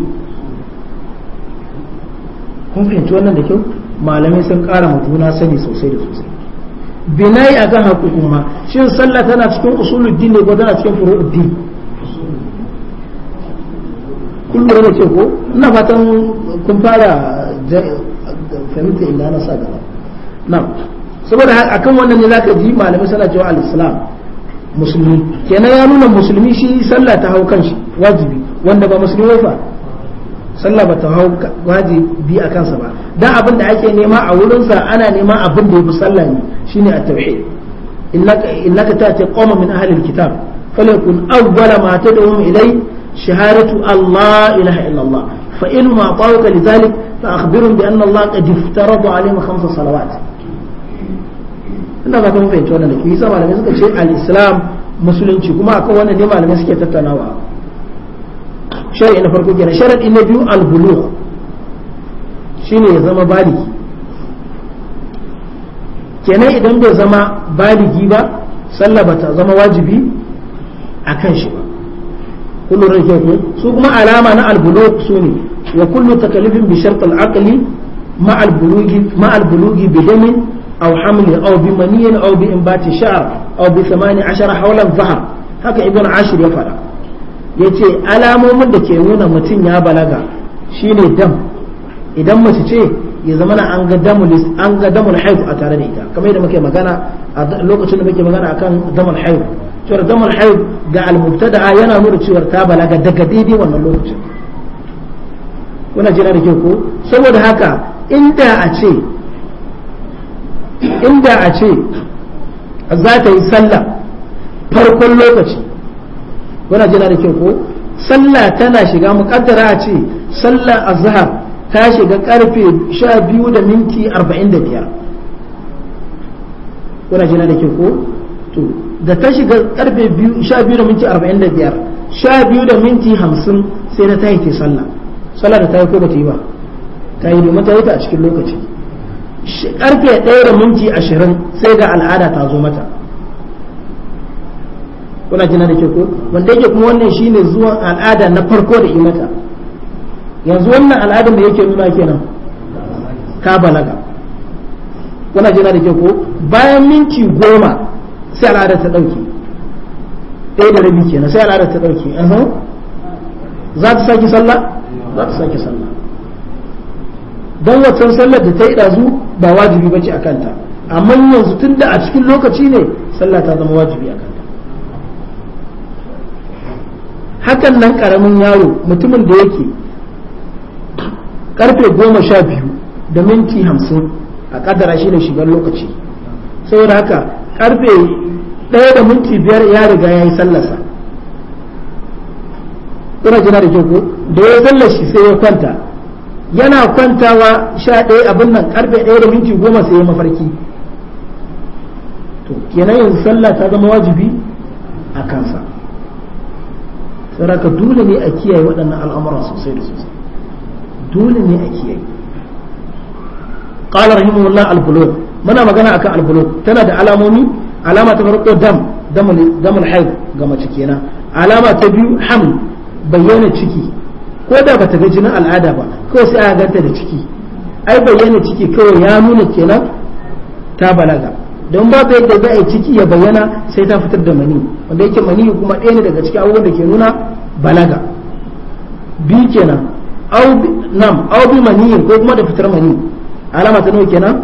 kun fahimci wannan da kyau malamai sun kara juna sani sosai da sosai binai akan haƙuƙu ma shin sallah tana cikin usuluddin ne ko tana cikin furu'uddin din? lura da ke ko ina fatan kun fara fahimta inda na sa gaba na'am saboda a akan wannan ne zaka ji malamai suna cewa al-islam musulmi kenan ya nuna musulmi shi sallah ta hau kanshi wajibi wanda ba musulmi fa sallah ba ta hau wajibi a kansa ba dan abin da ake nema a wurinsa ana nema abin da yafi sallah ne shine at-tauhid innaka ta ce qawman min ahlil kitab falyakun awwala ma tad'uhum ilay shahadatu Allah ilaha illa Allah fa in ma tawaka lidhalik fa akhbirhum bi anna Allah qad iftarada alayhim khamsa salawat ina za ta mun fahimci wannan da ke yasa malamai suka ce al-islam musulunci kuma akan wannan ne malamai suke tattaunawa shari'i na farko kenan sharadi na biyu al-bulugh shine ya zama baligi kenan idan bai zama baligi ba sallah ba ta zama wajibi a kan shi ba kullu rake su kuma alama na al-bulugh sune wa kullu takalifin bi shart aqli ma al-bulughi ma al-bulughi bi damin أو حمل أو بمني أو بإنبات شعر أو بثمان عشر حول الظهر haka ibn ashir ya faɗa yace alamomin da ke nuna mutum ya balaga shine dam idan mace ce ya zama an ga damul haihu a tare da ita kamar yadda muke magana a lokacin da muke magana akan damul haihu cewar damul haihu ga almubtada'a yana nuna cewar ta balaga daga daidai wannan lokacin kuna jira da ke ko saboda haka inda a ce inda a ce za ta yi sallah farkon lokaci wana jina da kyau ko sallah tana shiga muƙaddara a ce sallah azhar ta shiga karfe 12 da minti 45 wana jina da kyau ko to da ta shiga karfe 12 da minti 45 12 da minti 50 sai na ta yi ke sallah sallah da ta yi ko ba ta yi ba ta yi domin ta yi ta a cikin lokaci karfe ɗaya da minti ashirin sai ga al'ada ta zo mata kuna jina da ke ko wanda yake kuma wannan shine zuwan al'ada na farko da imata yanzu wannan al'adar da yake nuna kenan ka balaga kuna jina da ke ko bayan minti goma sai al'ada ta ɗauke ɗaya da rabi kenan sai al'ada ta ɗauke za ta sake sallah za ta sake sallah don wasan sallar da ta yi ɗazu ba wajibi bace a kanta amma yanzu tun da a cikin lokaci ne sallah ta zama wajibi a kanta hakan nan karamin yaro mutumin da yake karfe goma sha biyu da minti hamsin a kadara shi ne shigar lokaci saboda haka karfe ɗaya da minti biyar ya riga ya yi sallarsa ina jina da kyau ko da ya sallar shi sai ya kwanta yana kwantawa sha ɗaya abin nan karfe ɗaya da minti goma sai ya mafarki to kenan yanzu sallah ta zama wajibi a kansa saraka dole ne a kiyaye waɗannan al'amura sosai da sosai dole ne a kiyaye qala rahimahullah al-bulugh muna magana akan al-bulugh tana da alamomi alama ta farko dam damul damul haid ga mace kenan alama ta biyu ham bayyana ciki ko da ba ta ga jinin al'ada ba kawai sai a ganta da ciki ai bayyana ciki kawai ya nuna kenan ta balaga don ba ta yadda za ciki ya bayyana sai ta fitar da mani wanda yake mani kuma ɗaya ne daga cikin abubuwan da ke nuna balaga bi kenan nam au bi mani ko kuma da fitar mani alama ta nawa kenan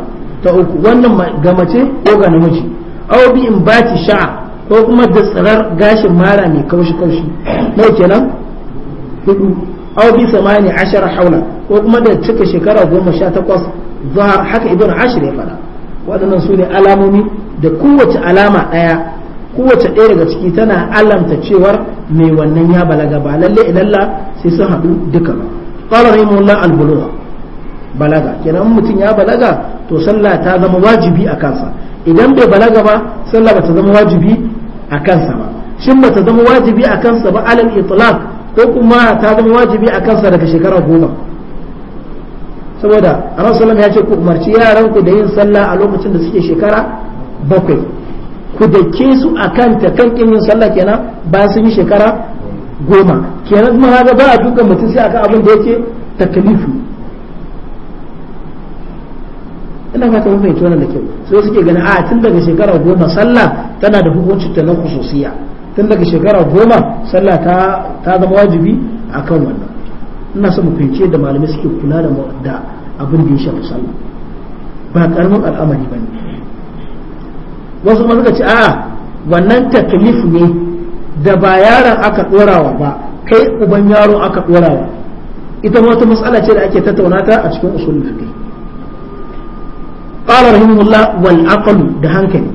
ta uku wannan ga mace ko ga namiji au bi in baci sha'a ko kuma da tsirar gashin mara mai kaushi kaushi ne kenan hudu aw bi samani ashara haula ko kuma da cika shekara goma sha takwas zahar haka ibn ashir ya faɗa waɗannan su ne alamomi da kowace alama ɗaya kowace ɗaya daga ciki tana alamta cewar mai wannan ya balaga ba lalle ilalla sai sun haɗu duka ba qala rahimullah al-bulugha balaga kenan mutum ya balaga to sallah ta zama wajibi a kansa idan bai balaga ba sallah ba ta zama wajibi a kansa ba shin ba ta zama wajibi a kansa ba alal itlaq ko kuma ta zama wajibi a kansa daga shekara goma saboda salam ya ce ku umarci yaranku da yin sallah a lokacin da suke shekara bakwai ku da ke su kan ta kan kin yin sallah kenan ba sun yi shekara goma kenan kuma haka ba a dukkan mutum sai aka abin da yake takalifu ina fata ta fahimci wannan da kyau sai suke ganin a tun daga shekara goma sallah tana da hukuncin ta na kusosiya tun daga shekara goma sallah ta zama wajibi a kan wannan ina son mu fahimci da malamai suke kula da abin da ya shafi sallah ba karamin al'amari ba ne wasu ma suka ce a wannan taklif ne da ba yaran aka ɗorawa ba kai uban yaro aka ɗorawa ita wata matsala ce da ake tattauna ta a cikin usulul fiqh qala rahimahullah wal aqlu da hankali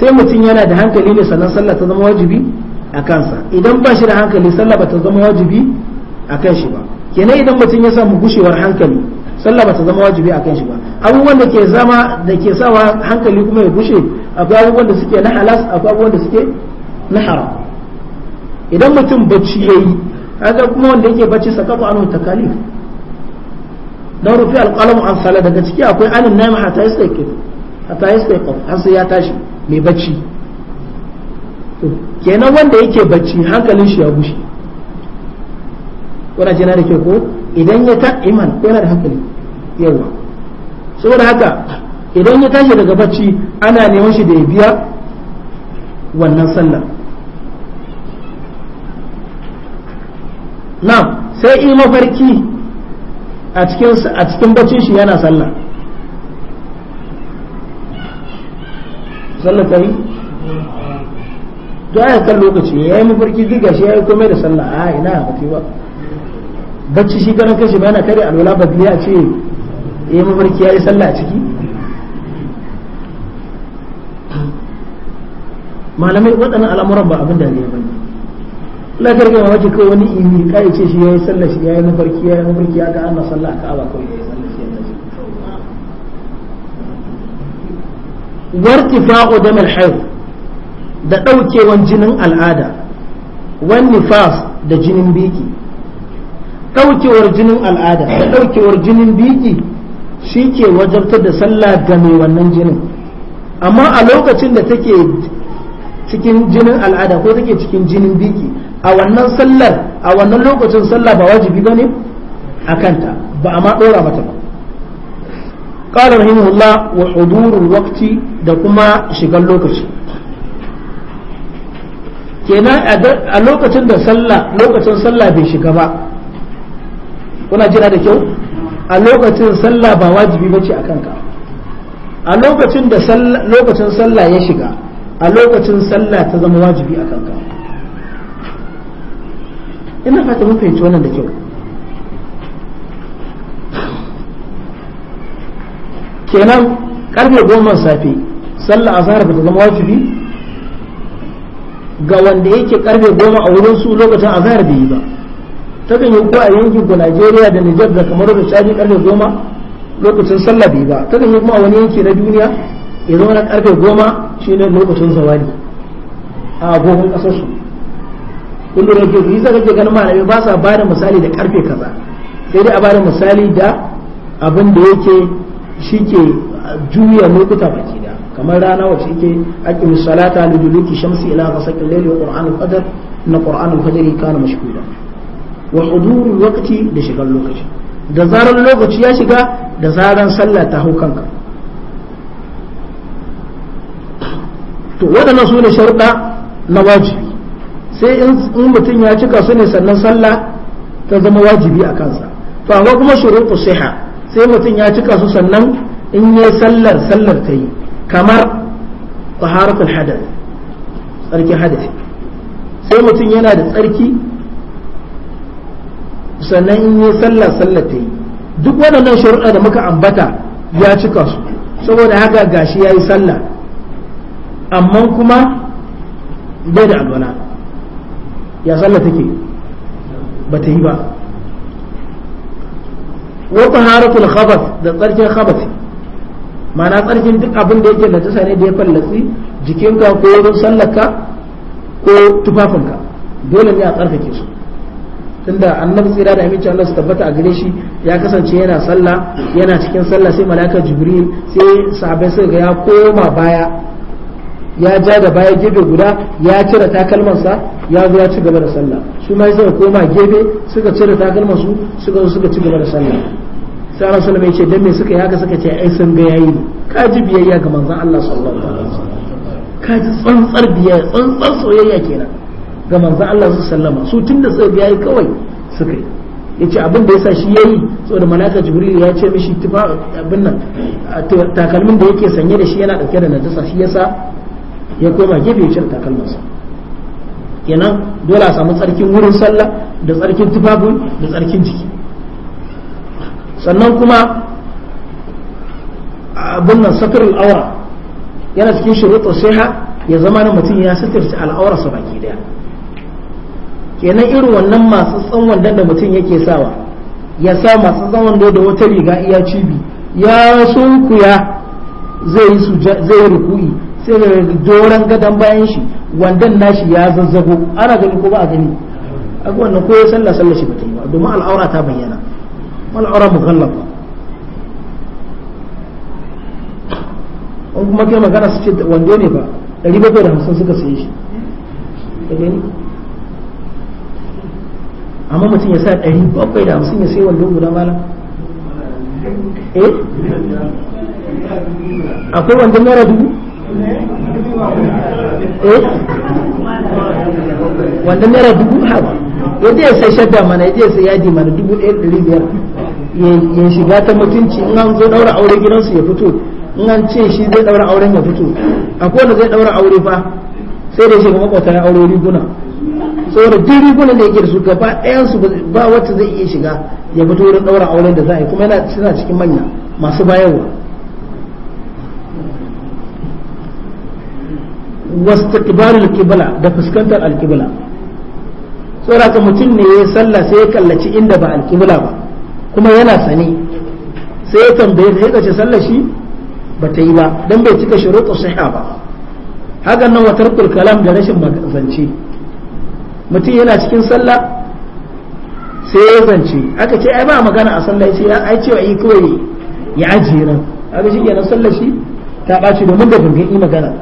sai mutum yana da hankali ne sannan sallah ta zama wajibi a kansa idan ba shi da hankali sallah ba ta zama wajibi a kan shi ba kenan idan mutum ya samu gushewar hankali sallah ba ta zama wajibi a kan shi ba abubuwan da ke zama da ke sawa hankali kuma ya gushe akwai abubuwan da suke na halas akwai abubuwan da suke na haram idan mutum bacci yayi haka kuma wanda yake bacci sakatu anhu takalif dan rufi alqalam an sala daga ciki akwai anin nama hatta yastaqif hatta yastaqif har sai ya tashi mai bacci kenan wanda yake bacci hankalin shi ya bushe kuna jina da ke ko idan ya ta iman yana da hankali yawa saboda haka idan ya tashi daga bacci ana neman shi da ya biya wannan sallah na sai yi mafarki a cikin baccin shi yana sallah sallar ta yi to ai kan lokaci ya yi mafarki giga shi ya yi komai da sallah a ah, ina ba ba bacci shi karan kashi bana kare alwala badliya a ce ya yi mafarki ya yi sallah a ciki malamai waɗannan al'amuran ba abin da ne ba la karga ma wace kawai wani imi kai ce shi ya yi sallah shi ya yi mafarki ya yi mafarki ya ga ana sallah ka ka'aba kawai ya yi sallah wartifa'u damil haihu da daukewan jinin al'ada wan nifas da jinin biki daukewar jinin al'ada da daukewar jinin biki shi ke wajabtar da sallah ga mai wannan jinin amma a lokacin da take cikin jinin al'ada ko take cikin jinin biki a wannan sallar a wannan lokacin sallah ba wajibi ba ne a kanta ba a ma ɗora mata ba قال رحمه الله وحضور الوقت da kuma shigar lokaci kenan a lokacin da sallah lokacin sallah bai shiga ba kuna jira da kyau a lokacin sallah ba wajibi ba ce a kanka a lokacin da lokacin sallah ya shiga a lokacin sallah ta zama wajibi a kanka ina fata mun fahimci wannan da kyau kenan karfe goma safe sallah azhar ba ta zama wajibi ga wanda yake karfe goma a wurin su lokacin azhar bai yi ba ta kan yi ko a yankin ku Najeriya da Nijar da kamar da shaji karfe goma lokacin sallah bai yi ba ta kan yi kuma a wani yanki na duniya ya zama na karfe goma shi ne lokacin zawali a agogon kasar su kun da yake yi zaka ke ganin malami ba sa bada misali da karfe kaza sai dai a bada misali da abin da yake shi ke juya lokuta baki da kamar rana wacce yake aqim salata li duluki shamsi ila ghasaqil layli wa qur'an al-qadr na qur'an al-qadr kana mashkula wa hudur waqti da shigar lokaci da zaran lokaci ya shiga da zaran sallah ta hau kanka to waɗannan su ne sharuɗa na wajibi sai in mutum ya cika su ne sannan sallah ta zama wajibi a kansa to amma kuma shuruɗu siha sai mutum ya cika su sannan in yi sallar sallar ta yi kamar taharatul hadath tsarki hadath sai mutum yana da tsarki sannan in yi sallar sallar ta yi duk waɗannan shari'a da muka ambata ya cika su saboda haka gashi ya yi sallah amma kuma bai da alwala ya sallah take ba ta yi ba wa taharatul khabath da tsarkin khabath ma'ana tsarkin duk abin da yake najasa ne da ya fallasi jikinka ko wurin sallarka ko tufafinka dole ne a tsarkake su tunda annabi tsira da aminci Allah su tabbata a gare shi ya kasance yana sallah yana cikin sallah sai malaka jibril sai sahabbai sai ga ya koma baya ya ja da baya gefe guda ya cire takalmansa ya zo ya ci gaba da sallah su ma suka koma gefe suka cire takalmansu suka zo suka ci gaba da sallah sai Allah sallama ya ce dan me suka yi haka suka ce ai sun ga yayi ka ji biyayya ga manzon Allah sallallahu alaihi wasallam ka ji tsantsar biyayya tsantsar soyayya kenan ga manzon Allah sallallahu alaihi wasallam su tunda sai ga yayi kawai suka yi ya ce abin da sa shi ya yi saboda malaka jibril ya ce mishi tufa abin nan takalmin da yake sanye da shi yana dauke da najasa shi ya sa ya koma gefe ya cire takalmansa kenan dole a samu tsarkin wurin sallah da tsarkin tufafin da tsarkin jiki sannan kuma abin nan satar al'aura yana cikin shuruɗin siha ya zama na mutum ya al'aura al'aurarsa baki daya kenan irin wannan masu tsawon da mutum yake sawa ya sa masu tsawon da wata riga iya cibi ya sunkuya zai yi rukui sai da doron gadon bayan shi wandan nashi ya zazzago ana gani ko ba a gani a wannan ko ya sallah sallah shi ba ta yi ba domin al'aura ta bayyana والعرى مغلظة kuma kai magana su ce wando ne ba ɗari bakwai da hamsin suka saye shi amma mutum ya sa ɗari bakwai da hamsin ya sai wando guda mala eh akwai wando naira dubu eh wando naira dubu hawa ya je ya sai shadda mana ya je ya sai yadi mana dubu ɗaya ɗari biyar ya shiga ta mutunci in an zo daura aure gidansu ya fito in an ce shi zai daura auren ya fito akwai wanda zai daura aure fa sai da shiga makwata ya aure riguna saboda duk rigunan da yake da su gaba ɗayan su ba wacce zai iya shiga ya fito wurin daura auren da za a yi kuma yana suna cikin manya masu bayarwa واستقبال alkibla da fuskantar alkibla saboda mutum ne ya sallah sai ya kallaci inda ba alkibla ba kuma yana sani sai ya tambaye da ya ce sallar shi ba ta yi ba don bai cika shuruɗu sahha ba hakan nan watar kalam da rashin zance mutum yana cikin sallah sai ya zance aka ce ai ba magana a sallah ya ce ai cewa yi kawai ya ajiye nan aka shi yana sallar shi ta ɓaci domin da bin yi magana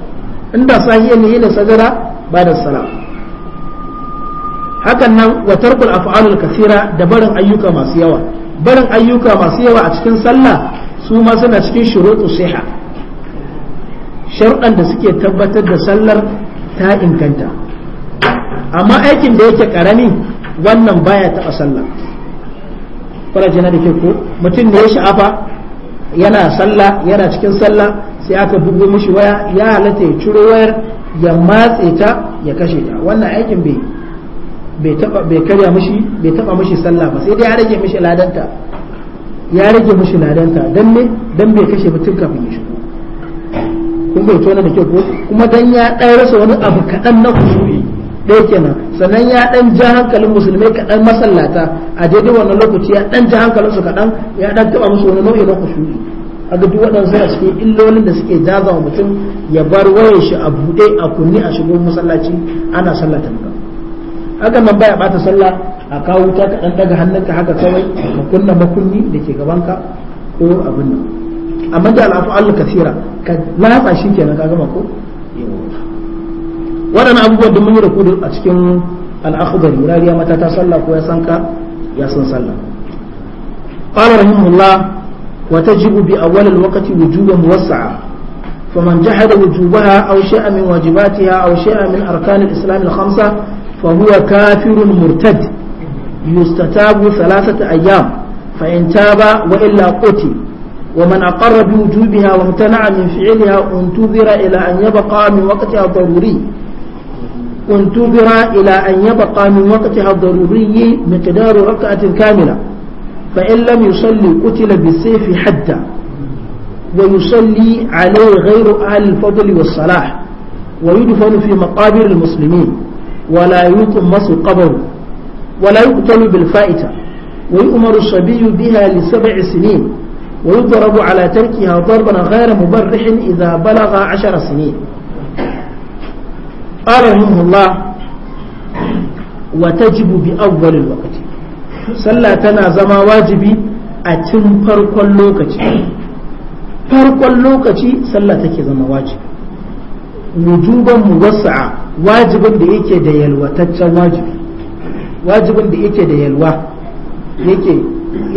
inda sahiya ne yana sagara ba da salam hakan nan wa tarkul af'alul kathira da barin ayyuka masu yawa barin ayyuka masu yawa a cikin sallah su ma suna cikin shuruɗu siha sharuɗan da suke tabbatar da sallar ta inganta amma aikin da yake ƙarami wannan baya taɓa sallah kwarajina da ke ko mutum ne ya sha'afa yana sallah yana cikin sallah sai aka bugo mishi waya ya halatta ya ciro wayar ya matse ta ya kashe ta wannan aikin bai bai taba bai karya mishi bai taba mishi sallah ba sai dai ya rage mishi ladanta ya rage mishi ladanta dan ne dan bai kashe mutum kafin ya shigo kun bai tona da kyau ko kuma dan ya dan rasa wani abu kadan na kusuri ɗaya kenan sannan ya dan ja hankalin musulmai kadan masallata a daidai wannan lokaci ya dan ja hankalin su kadan ya dan taba musu wani nau'i na kusuri a ga duk waɗansu a cikin illolin da suke jaza wa mutum ya bar wayan shi a buɗe a kunni a shigo masallaci ana sallata ba hakan nan baya bata sallah a kawo wuta ka dan daga hannunka haka kawai ka kunna makunni da ke gabanka ko abin nan amma da al'afu Allah kasira ka latsa shi kenan ka gama ko waɗannan abubuwan da mun yi rukudu a cikin al'akhbari rariya mata ta sallah ko ya san ka ya san sallah qala rahimullah wa tajibu bi awwal al-waqti wujuban muwassa'a فمن جحد وجوبها أو شيئا من واجباتها أو شيئا من أركان الإسلام الخمسة فهو كافر مرتد يستتاب ثلاثة أيام فإن تاب وإلا قتل ومن أقر بوجوبها وامتنع من فعلها انتظر إلى أن يبقى من وقتها الضروري انتظر إلى أن يبقى من وقتها الضروري مقدار ركعة كاملة فإن لم يصلي قتل بالسيف حتى ويصلي عليه غير أهل الفضل والصلاح ويدفن في مقابر المسلمين ولا يطمس قبره ولا يقتل بالفائتة ويؤمر الصبي بها لسبع سنين ويضرب على تركها ضربا غير مبرح إذا بلغ عشر سنين قال رحمه الله وتجب بأول الوقت صلى تنا زما واجبي أتم فرق اللوكة فرق اللوكة صلى تكي زما واجبي wujuban muwassa'a wajibin da yake da yalwataccen wajibi wajibin da yake da yalwa yake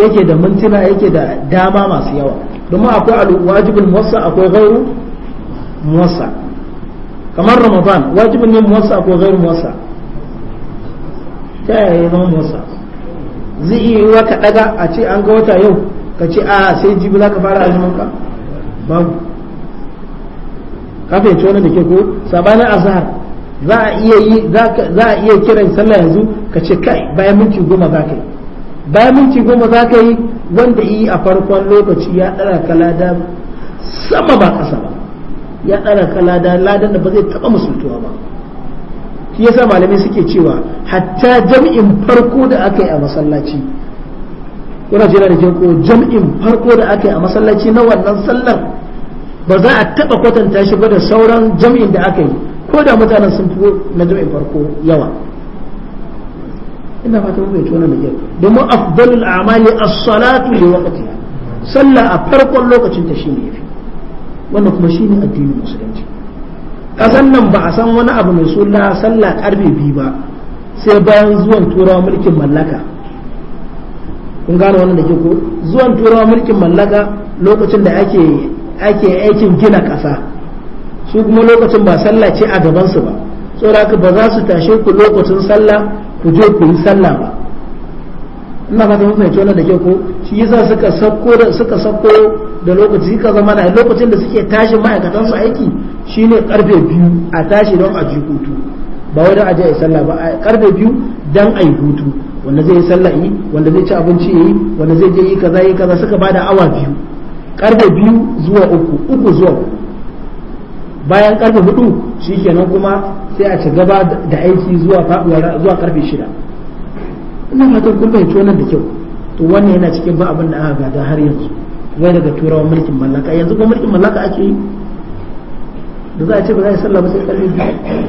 yake da mintuna yake da dama masu yawa domin akwai wajibin muwassa akwai gairu muwassa kamar ramadan wajibin ne muwassa akwai gairu muwassa ta yaya zama muwassa zai iya yiwa ka daga a ce an ga wata yau ka ce a sai jibi za ka fara azumin ka babu ka fahimci wannan da ke ko sabanin azhar za a iya yi za a iya kiran sallah yanzu ka ce kai bayan minti goma za ka yi bayan minti goma za ka yi wanda yi a farkon lokaci ya ɗara ka lada sama ba kasa ba ya ɗara ka lada ladan da ba zai taɓa musultuwa ba shi yasa malamai suke cewa hatta jam'in farko da aka yi a masallaci kuna jira da ko jam'in farko da aka yi a masallaci na wannan sallar ba za a taɓa kwatanta shi ba da sauran jami'in da aka yi ko da mutanen sun fi na jami'in farko yawa ina fata mafi tona da yau domin afdalul amali as-salatu li waqtiha sallah a farkon lokacin ta shine yafi wannan kuma shine addinin musulunci kasan nan ba a san wani abu mai suna sallah karfe biyu ba sai bayan zuwan turawa mulkin mallaka kun gane wannan da ke ko zuwan turawa mulkin mallaka lokacin da ake ake aikin gina ƙasa su kuma lokacin ba sallah ce a gabansu ba saboda aka ba za su tashe ku lokacin sallah ku je ku yi sallah ba ina fata mun fahimci wannan da ke ko shi yasa suka sako da suka sako da lokaci suka zama da lokacin da suke tashi ma'aikatan su aiki shine karfe biyu a tashi don a ji hutu ba wai don a je a yi sallah ba karfe biyu don a yi hutu wanda zai yi sallah yi wanda zai ci abinci yi wanda zai je yi kaza yi kaza suka bada awa biyu karfe biyu zuwa uku uku zuwa uku bayan karfe hudu shikenan kuma sai a ci gaba da aiki zuwa faduwa zuwa karfe shida ina fatan kun fahimci wannan da kyau to wannan yana cikin ba abin da aka gada har yanzu wai daga turawa mulkin mallaka yanzu ko mulkin mallaka ake yi da za a ce ba za a sallah ba sai karfe biyu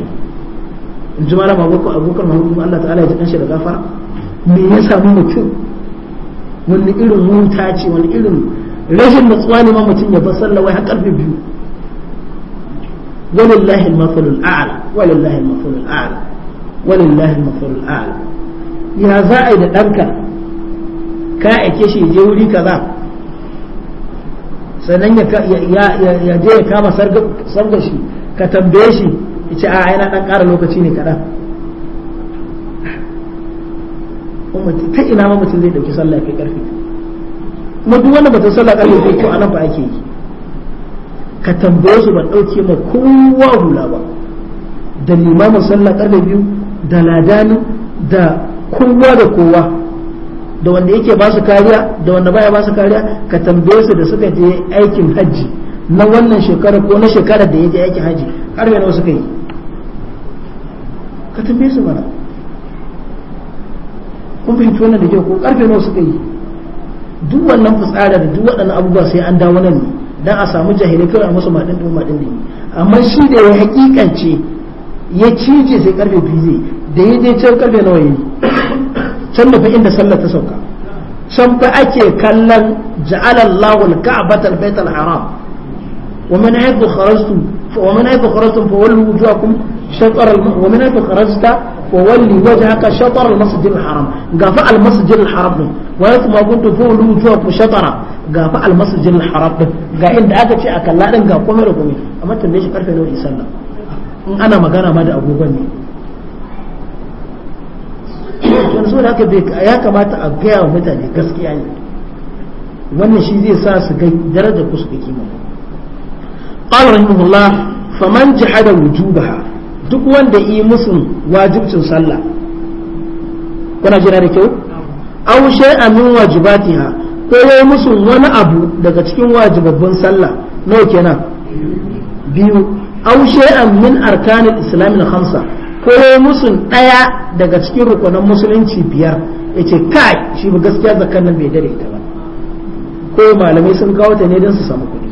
in ji malama abokan abokan mahudu Allah ta'ala ya ji kanshi da gafara me ya samu mutum wani irin wuta ce wani irin rashin natsuwa ne ma mutum ya bar sallah wai har karfe biyu walillahi al-mafalul a'la walillahi al-mafalul a'la walillahi al-mafalul a'la ya za a yi da ɗanka ka aike shi je wuri kaza sannan ya je ya kama sarga shi ka tambaye shi ya ce a yana ɗan ƙara lokaci ne kaɗan ta ina ma mutum zai ɗauki sallah ya fi ƙarfi kuma duk wanda batun sallah kare zai ko anan ba ake yi ka tambaye su ban dauke ma kowa hula ba da limamin sallah karfe biyu da ladani da kowa da kowa da wanda yake ba su kariya da wanda baya ba su kariya ka tambaye su da suka je aikin hajji na wannan shekara ko na shekarar da ya je aikin hajji har nawa suka yi ka tambaye su mana kun fahimci wannan da kyau ko karfe nawa suka yi duk wannan fitsara da duk waɗannan abubuwa sai an dawo nan ne dan a samu jahilai kawai a musu maɗin ɗin maɗin ne amma shi da ya hakikance ya cije sai karfe biyu zai da ya je can karfe nawa yi can da fa inda sallar ta sauka can fa ake kallon ja'alallahu al-ka'bata al-bayt al-haram wa man yadu kharastu ومن حيث خرجتم فولوا وجوهكم شطر ومن حيث خرجت وولي وجهك شطر المسجد الحرام قافا المسجد الحرام ويثم كنت فولوا وجوهكم شطرا قافا المسجد الحرام قا إن دعاك شيء أكل لا قا قومي رقمي أما تنبيش كرفة نوع إسالة أنا مغانا ماذا أبو بني yanzu da haka ya kamata a gaya wa mutane gaskiya ne wannan shi zai sa su ga darajar ku su ga kima qala rahimahullah faman jahada wujubaha duk wanda yi musun wajibcin sallah kuna jira da kyau aw shay'an wajibatiha ko wani abu daga cikin wajibabbin sallah nawa kenan biyu aw shay'an min arkanil islam khamsa ko yayi musun daya daga cikin rukunan musulunci biyar yace kai shi ba gaskiya nan bai dare ta ba ko malamai sun kawo ta ne don su samu kuɗi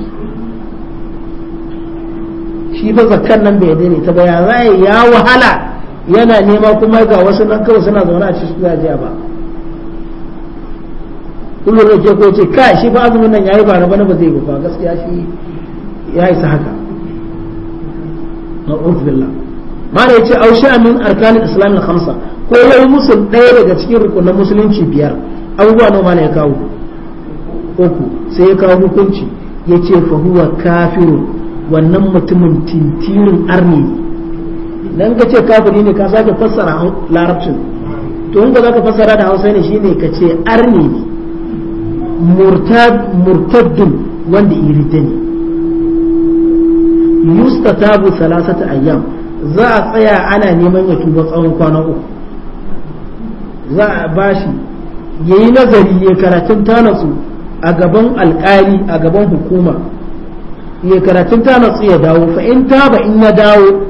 shi fa zakkan nan bai yadda ne ta ba ya zai ya wahala yana nema kuma ga wasu nan kawai suna zaune a cikin gajiya ba kullum da ke ko ce ka shi ba azumin nan yayi ba rabana ba zai yi ba gaskiya shi ya isa haka na'udhu billah mala yace aw sha min arkan al-islam al-khamsa ko yau musul daya daga cikin rukunan musulunci biyar abubuwa nawa mala ya kawo uku sai ya kawo hukunci yace fa huwa kafirun wannan mutumin tintirin arni dan ka ce kafiri ne ka sake fassara larabcin to in ka zaka fassara da hausa ne shine ka ce arni murtad murtaddun wanda irita ne yustatabu salasata ayyam za a tsaya ana neman ya tuba tsawon kwana uku za a bashi yayi nazari ya karatun tanasu a gaban alƙali a gaban hukuma ya karatun ta nasu ya dawo fa in ta ba in na dawo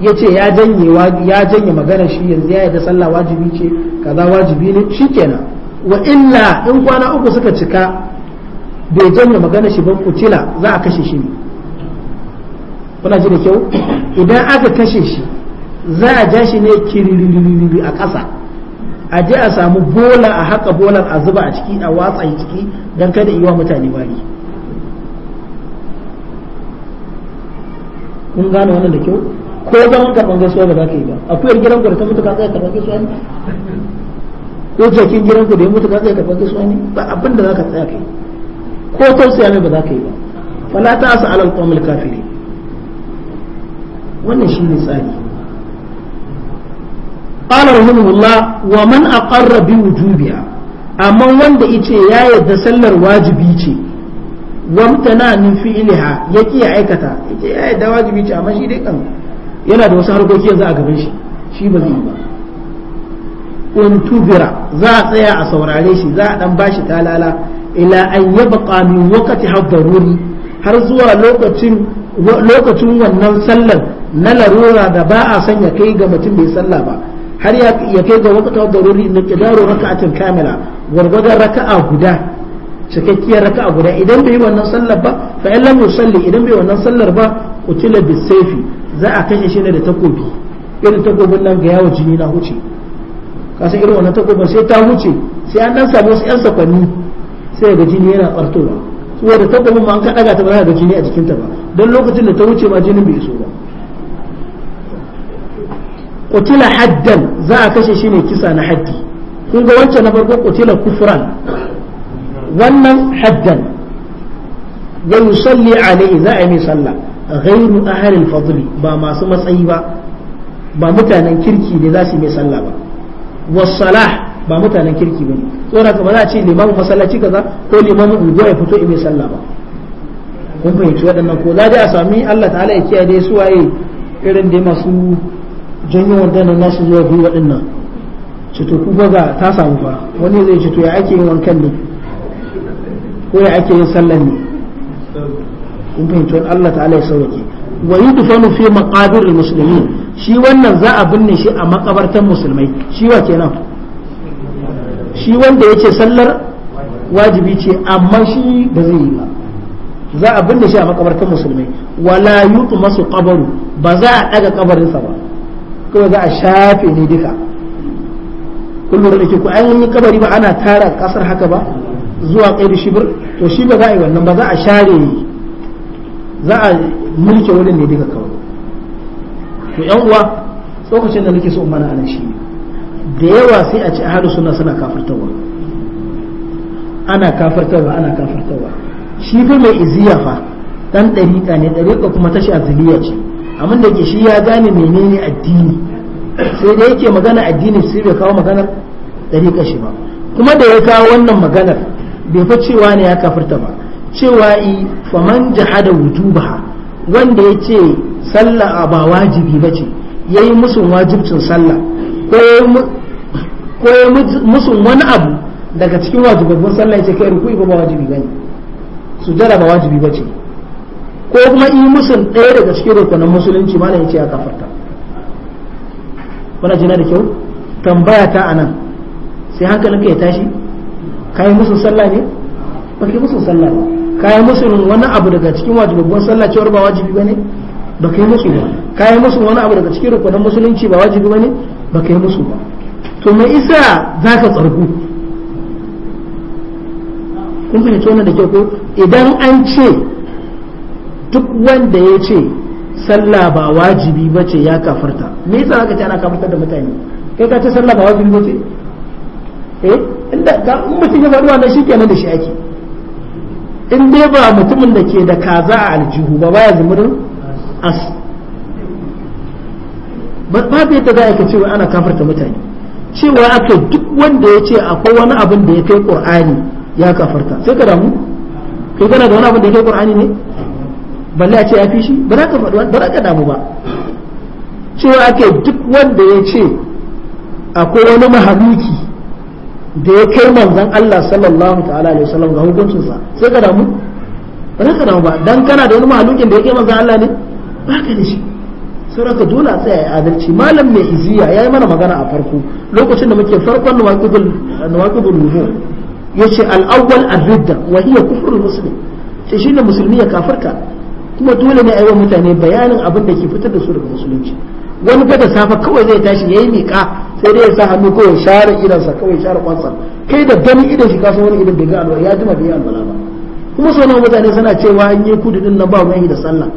ya ce ya janye ya janye magana shi yanzu ya da sallah wajibi ce kaza wajibi ne shikenan wa illa in kwana uku suka cika bai janye magana shi ban kutila za a kashe shi ne kuna ji da kyau idan aka kashe shi za a ja shi ne kiririri a ƙasa a je a samu bola a haka bolar a zuba a ciki a watsa ciki don kada yi wa mutane wari kun gane wannan da kyau ko zaman ka gaisuwa ba za ka yi ba akuyar gidan ku da ta mutu ka tsaya bangar gaisuwa ne ko jakin gidan ku da ya mutu ka tsaya bangar gaisuwa ne ba abin da za ka tsaya ka yi ko tausaya ne ba za ka yi ba fala ta asa alal qawmil kafiri wannan shi ne tsari qala rahimahullah wa man aqarra bi wujubiha amma wanda yace ya yarda sallar wajibi ce wamtana min fi'liha yake ya aikata yake ya da wajibi ta amma shi dai kan yana da wasu harkoki yanzu a gaban shi shi ba zai yi ba in tubira za a tsaya a saurare shi za a dan bashi talala ila an yabqa min waqti hadaruri har zuwa lokacin lokacin wannan sallar na larura da ba a sanya kai ga mutum bai sallah ba har ya kai ga waqti hadaruri na kidaru raka'atin kamila gwargwadon raka'a guda cikakkiyar a guda idan bai yi wannan sallar ba fa in lam yusalli idan bai wannan sallar ba qutila bisayfi za a kashe shi ne da takobi irin takobin nan ga yawo jini na huce ka irin wannan takobin sai ta huce sai an dan samu wasu yan sakwanni sai ga jini yana bartowa saboda takobin ma an ka daga ta ba za ga jini a jikinta ba don lokacin da ta huce ma jinin bai iso ba qutila haddan za a kashe shi ne kisa na haddi kun ga wancan na farko qutila kufran wannan hajjan ya yusalli alaihi za a yi sallah ghairu ahlil fadli ba masu matsayi ba ba mutanen kirki ne za su mai sallah ba Wasalah ba mutanen kirki ba ne saboda ba za a ce limamin masallaci kaza ko limamin unguwa ya fito mai sallah ba kun fahimci waɗannan ko za a sami Allah ta'ala ya kiyaye dai su waye irin da masu janyo waɗannan nasu zuwa biyu waɗannan cito ku ga ta samu fa wani zai cito ya ake yin wankan ne ko ya ake yin sallar ne kun fahimci wani Allah ta'ala ya sauke wa yudfanu fi maqabir muslimin shi wannan za a binne shi a makabartan musulmai shi wa kenan shi wanda yace sallar wajibi ce amma shi da zai yi ba za a binne shi a makabartan musulmai wala yutmasu qabru ba za a daga kabarinsa ba kuma za a shafe ne duka kullum da ke ku an yi kabari ba ana tara kasar haka ba zuwa kai da shibir to shi ba za a yi wannan ba za a share za a mulke wurin ne duka kawai to yan uwa tsokacin da nake so mana anan shi da yawa sai a ci a hadu suna suna kafirtawa ana kafirtawa ana kafirtawa shi fi mai iziya fa dan dariƙa ne dariƙa kuma tashi azliya ce amma da ke shi ya gane menene addini sai da yake magana addini sai bai kawo maganar dariƙa shi ba kuma da ya kawo wannan maganar bai fa cewa ne ya kafirta ba cewa i faman jahada wujubaha wanda ya ce sallah ba wajibi ba ce ya yi musun wajibcin sallah ko ya musun wani abu daga cikin wajibabbin sallah ya ce kai rukui ba wajibi ba ne sujjada ba wajibi ba ce ko kuma yi musun ɗaya daga cikin rukunan musulunci malam ya ce ya kafarta kuna jina da kyau tambaya ta anan sai hankalinka ya tashi kayi musu sallah ne ba kai musu sallah ba kayi musu wani abu daga cikin wajibin sallah cewar ba wajibi bane ba kai musu ba kayi musu wani abu daga cikin rukunin musulunci ba wajibi bane ba kai musu ba to me isa za ka tsargu kun fahimci wannan da ke ko idan an ce duk wanda ya ce sallah ba wajibi ba ce ya kafarta me yasa zaka ce ana kafartar da mutane kai ka ce sallah ba wajibi ba ce eh inda da mutum ya faɗi wannan shikenan da shi ake in dai ba mutumin da ke da kaza a aljihu ba baya zumurin as ba babu yadda za a ka cewa ana kafarta mutane cewa aka duk wanda ya ce akwai wani abin da ya kai qur'ani ya kafarta sai ka damu kai kana da wani abin da ya kai qur'ani ne balle a ce ya fi shi ba za ka faɗi ba za ka damu ba cewa ake duk wanda ya ce akwai wani mahaluki da ya kai manzon Allah sallallahu ta'ala alaihi wasallam ga hukuncin sa sai ka damu ba ka damu ba dan kana da wani mahalukin da ya kai manzon Allah ne ba ka da shi ka dole a tsaya adalci malam mai iziya yayi mana magana a farko lokacin da muke farkon nawaqidul nawaqidul wudu yace al-awwal ar-ridda wa hiya kufrul muslim ce shine musulmi ya kafarta kuma dole ne a yi wa mutane bayanin abin da ke fitar da su daga musulunci wani fa da safa kawai zai tashi yayi miƙa sai dai ya sa hannu ko ya share idansa kawai share kwansa kai da gani idan shi kasa wani idan daga alwala ya jima bai alwala ba kuma so nawa mutane suna cewa an yi kudu din nan ba yi da sallah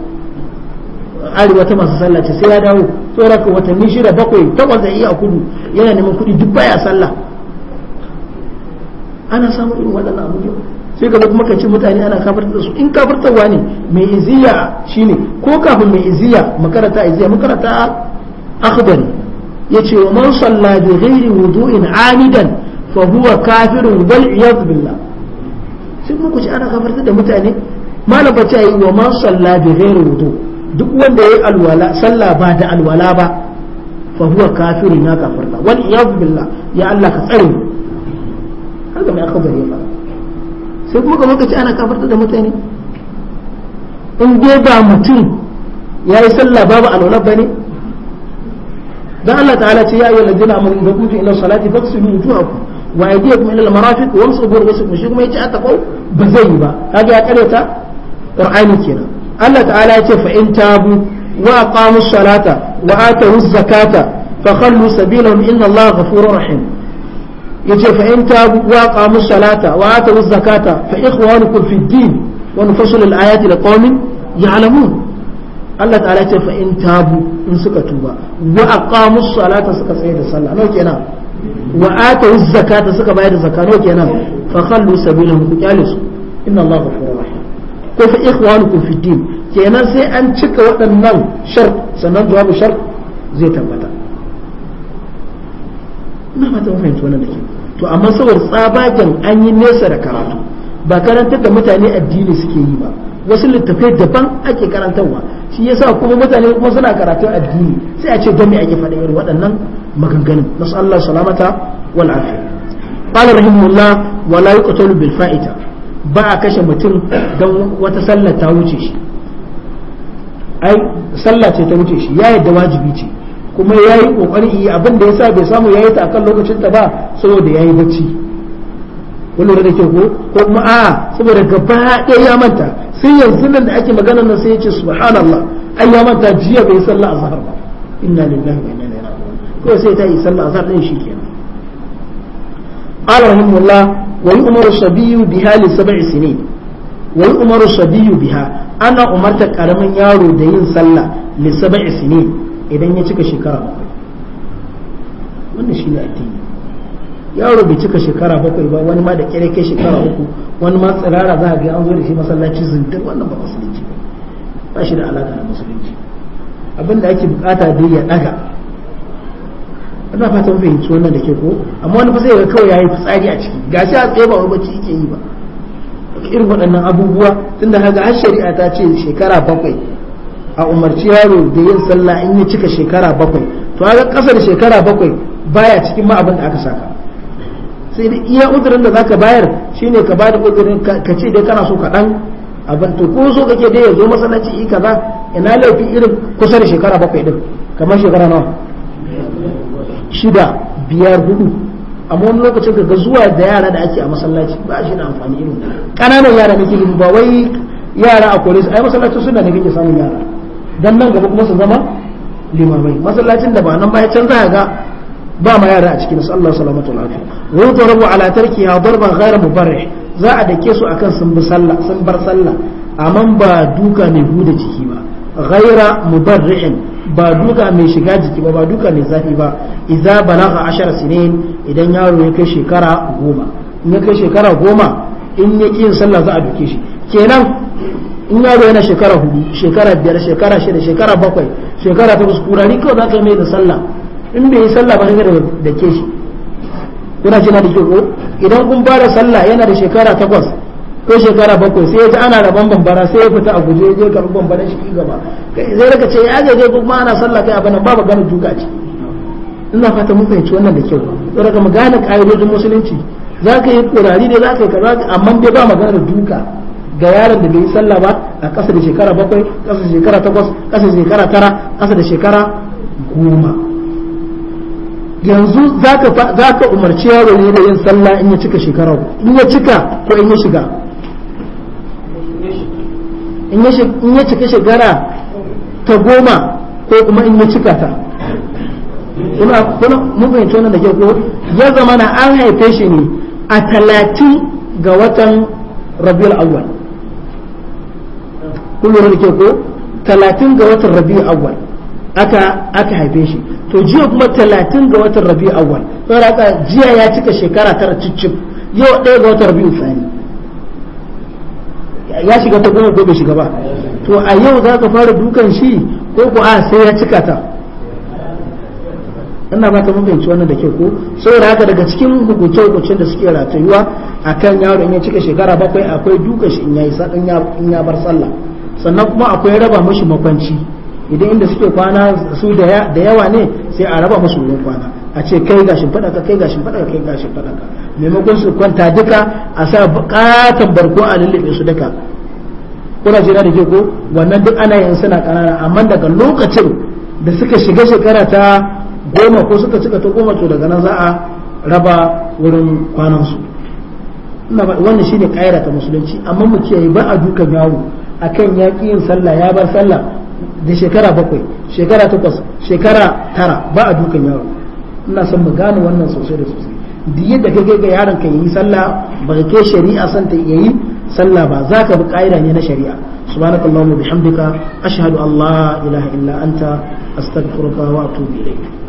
arewa ta masu sallah ce sai ya dawo tsoron ka watanni shida bakwai takwas da iya kudu yana neman kudi duk baya sallah ana samun irin waɗannan abubuwa sai ka kuma kace mutane ana kafarta da su in kafartarwa ne mai iziya shine ko kafin mai iziya makaranta iziya makaranta akhbari yace wa man salla bi ghairi wudu'in amidan fa huwa kafirun wal iyad sai kuma kuce ana kafarta da mutane malam ba ta yi wa man salla bi ghairi wudu duk wanda yayi alwala salla ba da alwala ba fa huwa kafirun na kafarta wal iyad billah ya Allah ka tsare mu haka mai aka bari fa sai kuma kamar ka ana kafarta da mutane in dai ba mutum yayi sallah babu alwala bane ده الله تعالى يا أيها الذين آمنوا إذا قمتم إلى الصلاة فاغسلوا وجوهكم وأيديكم إلى المرافق وامسحوا برؤوسكم مشيكم ما يجي أتقوا بزيبا هذه أكلة قرآن كنا الله تعالى فإن تابوا وأقاموا الصلاة وآتوا الزكاة فخلوا سبيلهم إن الله غفور رحيم يجي فإن تابوا وأقاموا الصلاة وآتوا الزكاة فإخوانكم في الدين ونفصل الآيات لقوم يعلمون Allah ta'ala ce fa in tabu in suka tuba wa aqamu salata suka tsaye da sallah nawa kenan wa atu zakata suka bayar da zakata nawa kenan fa khallu sabilahum ku kyale su inna Allah ghafurur rahim ko fa ikhwanukum fi din kenan sai an cika waɗannan shart sannan jawabu shart zai tabbata na mata ta fahimci wannan da ke to amma saboda tsabagen an yi nesa da karatu ba karantar da mutane addini suke yi ba wasu littafai daban ake karantarwa shi sa kuma mutane kuma suna karatun addini sai a ce don me ake faɗin irin waɗannan maganganun nasu Allah salamata wal afiya qala rahimullah wa la yuqtalu bil fa'ita ba a kashe mutum don wata sallar ta wuce shi ai sallah ce ta wuce shi ya yadda wajibi ce kuma ya yi ƙoƙari yi abin da ya sa bai samu ya yi ta akan lokacin ta ba saboda ya yi bacci wani da ke ko ko kuma a saboda gaba ɗaya ya manta sai yanzu nan da ake magana nan sai ya ce subhanallah ai ya manta jiya bai sallah azhar ba inna lillahi wa inna ilaihi raji'un ko sai ta yi sallah azhar din shikenan qala rahimullah wa yu'maru sabiyyu biha li sinin wa yu'maru biha ana umarta karamin yaro da yin sallah li sinin idan ya cika shekara bakwai yaro bai cika shekara bakwai ba wani ma da kere kai shekara uku wani ma tsirara za a ga an zo da shi masallaci zindir wannan ba musulunci ba shi da alaka da musulunci abin da ake bukata dai ya daga ina fata mun fahimci wannan da ke ko amma wani fa sai ga kawai yayi fitsari a ciki gashi a tsaye ba wani bacci yake yi ba irin waɗannan abubuwa tunda haka har shari'a ta ce shekara bakwai a umarci yaro da yin sallah in ya cika shekara bakwai to a kaga da shekara bakwai baya cikin ma abin da aka saka sai da iya udurin da zaka bayar shine ka bada udurin ka ce dai kana so ka dan abin to ko so kake dai yazo masallaci i kaza ina laifi irin kusa da shekara bakwai din kamar shekara nawa shida biyar hudu amma wani lokacin ka ga zuwa da yara da ake a masallaci ba shi na amfani irin kananan yara nake yi ba wai yara a kore su ai masallacin suna da kake samun yara dan nan gaba kuma su zama limamai masallacin da ba nan ba ya canza ga ba ma yara a cikin sallar salamatu lafiya wa yutarabu ala tarkiha darban ghayra mubarrih za a dake su akan sun bi sallah sun bar sallah amma ba duka mai bude jiki ba ghayra mubarrihin ba duka mai shiga jiki ba ba duka mai zafi ba idza balagha ashar sinin idan yaro ya kai shekara goma in ya kai shekara goma in ya yin sallah za a duke shi kenan in yaro yana shekara hudu shekara biyar shekara shida shekara bakwai shekara takwas kurari kawai za ka mai da sallah in bai yi sallah ba sai da ke shi kuna shi na da ko idan kun ba da sallah yana da shekara takwas ko shekara bakwai sai ya ji ana bambam bara sai ya fita a guje ya je karɓi bara shi gaba zai raka ce ya gaje kuma ana sallah kai abana babu gane duka ce ina fata mun fahimci wannan da kyau sai raka mu gane ƙa'idojin musulunci za ka yi kurari ne za ka yi kaza amma dai ba da duka ga yaron da bai yi sallah ba a ƙasa da shekara bakwai ƙasa da shekara takwas ƙasa da shekara tara ƙasa da shekara goma yanzu za ka umarci yaro ne da yin sallah in ya cika shekarar in ya cika ko in ya shiga in ya cika shekara ta goma ko kuma in ya cika ta kuna mun fahimci wannan da ke ko ya zama na an haife shi ne a talatin ga watan rabiul awwal kun lura da ke ko talatin ga watan rabiul awwal aka aka haife shi to jiya kuma talatin ga watan rabi awwal don haka jiya ya cika shekara tara ciccin yau ɗaya ga watan rabi'u sani ya shiga ta goma ko bai shiga ba to a yau za ka fara dukan shi ko ko a sai ya cika ta ina ba ta mabanci wannan da ke ko saboda haka daga cikin hukunce hukuncen da suke ratayuwa akan yaro in ya cika shekara bakwai akwai dukan shi in ya bar sallah sannan kuma akwai raba mashi makwanci idan inda suke kwana su da yawa ne sai a raba musu wurin kwana a ce kai ga fada ka kai ga fada ka kai ga fada ka maimakon su kwanta duka a sa bukatan barko a lullube su duka kuna jira da ke ko wannan duk ana yin suna kanana amma daga lokacin da suka shiga shekara ta goma ko suka cika ta goma to daga nan za a raba wurin kwanansu wannan shine ƙaira ta musulunci amma mu kiyaye ba a dukan yawo akan yaƙi yin sallah ya bar sallah da shekara bakwai shekara takwas shekara tara ba a dukan yaro ina son mu gane wannan sosai da sosai da yadda kai ga yaron ka yi sallah ba ka shari'a san ta yayi sallah ba za ka bi ka'ida ne na shari'a subhanakallahumma bihamdika ashhadu an la ilaha illa anta astaghfiruka wa atubu ilayk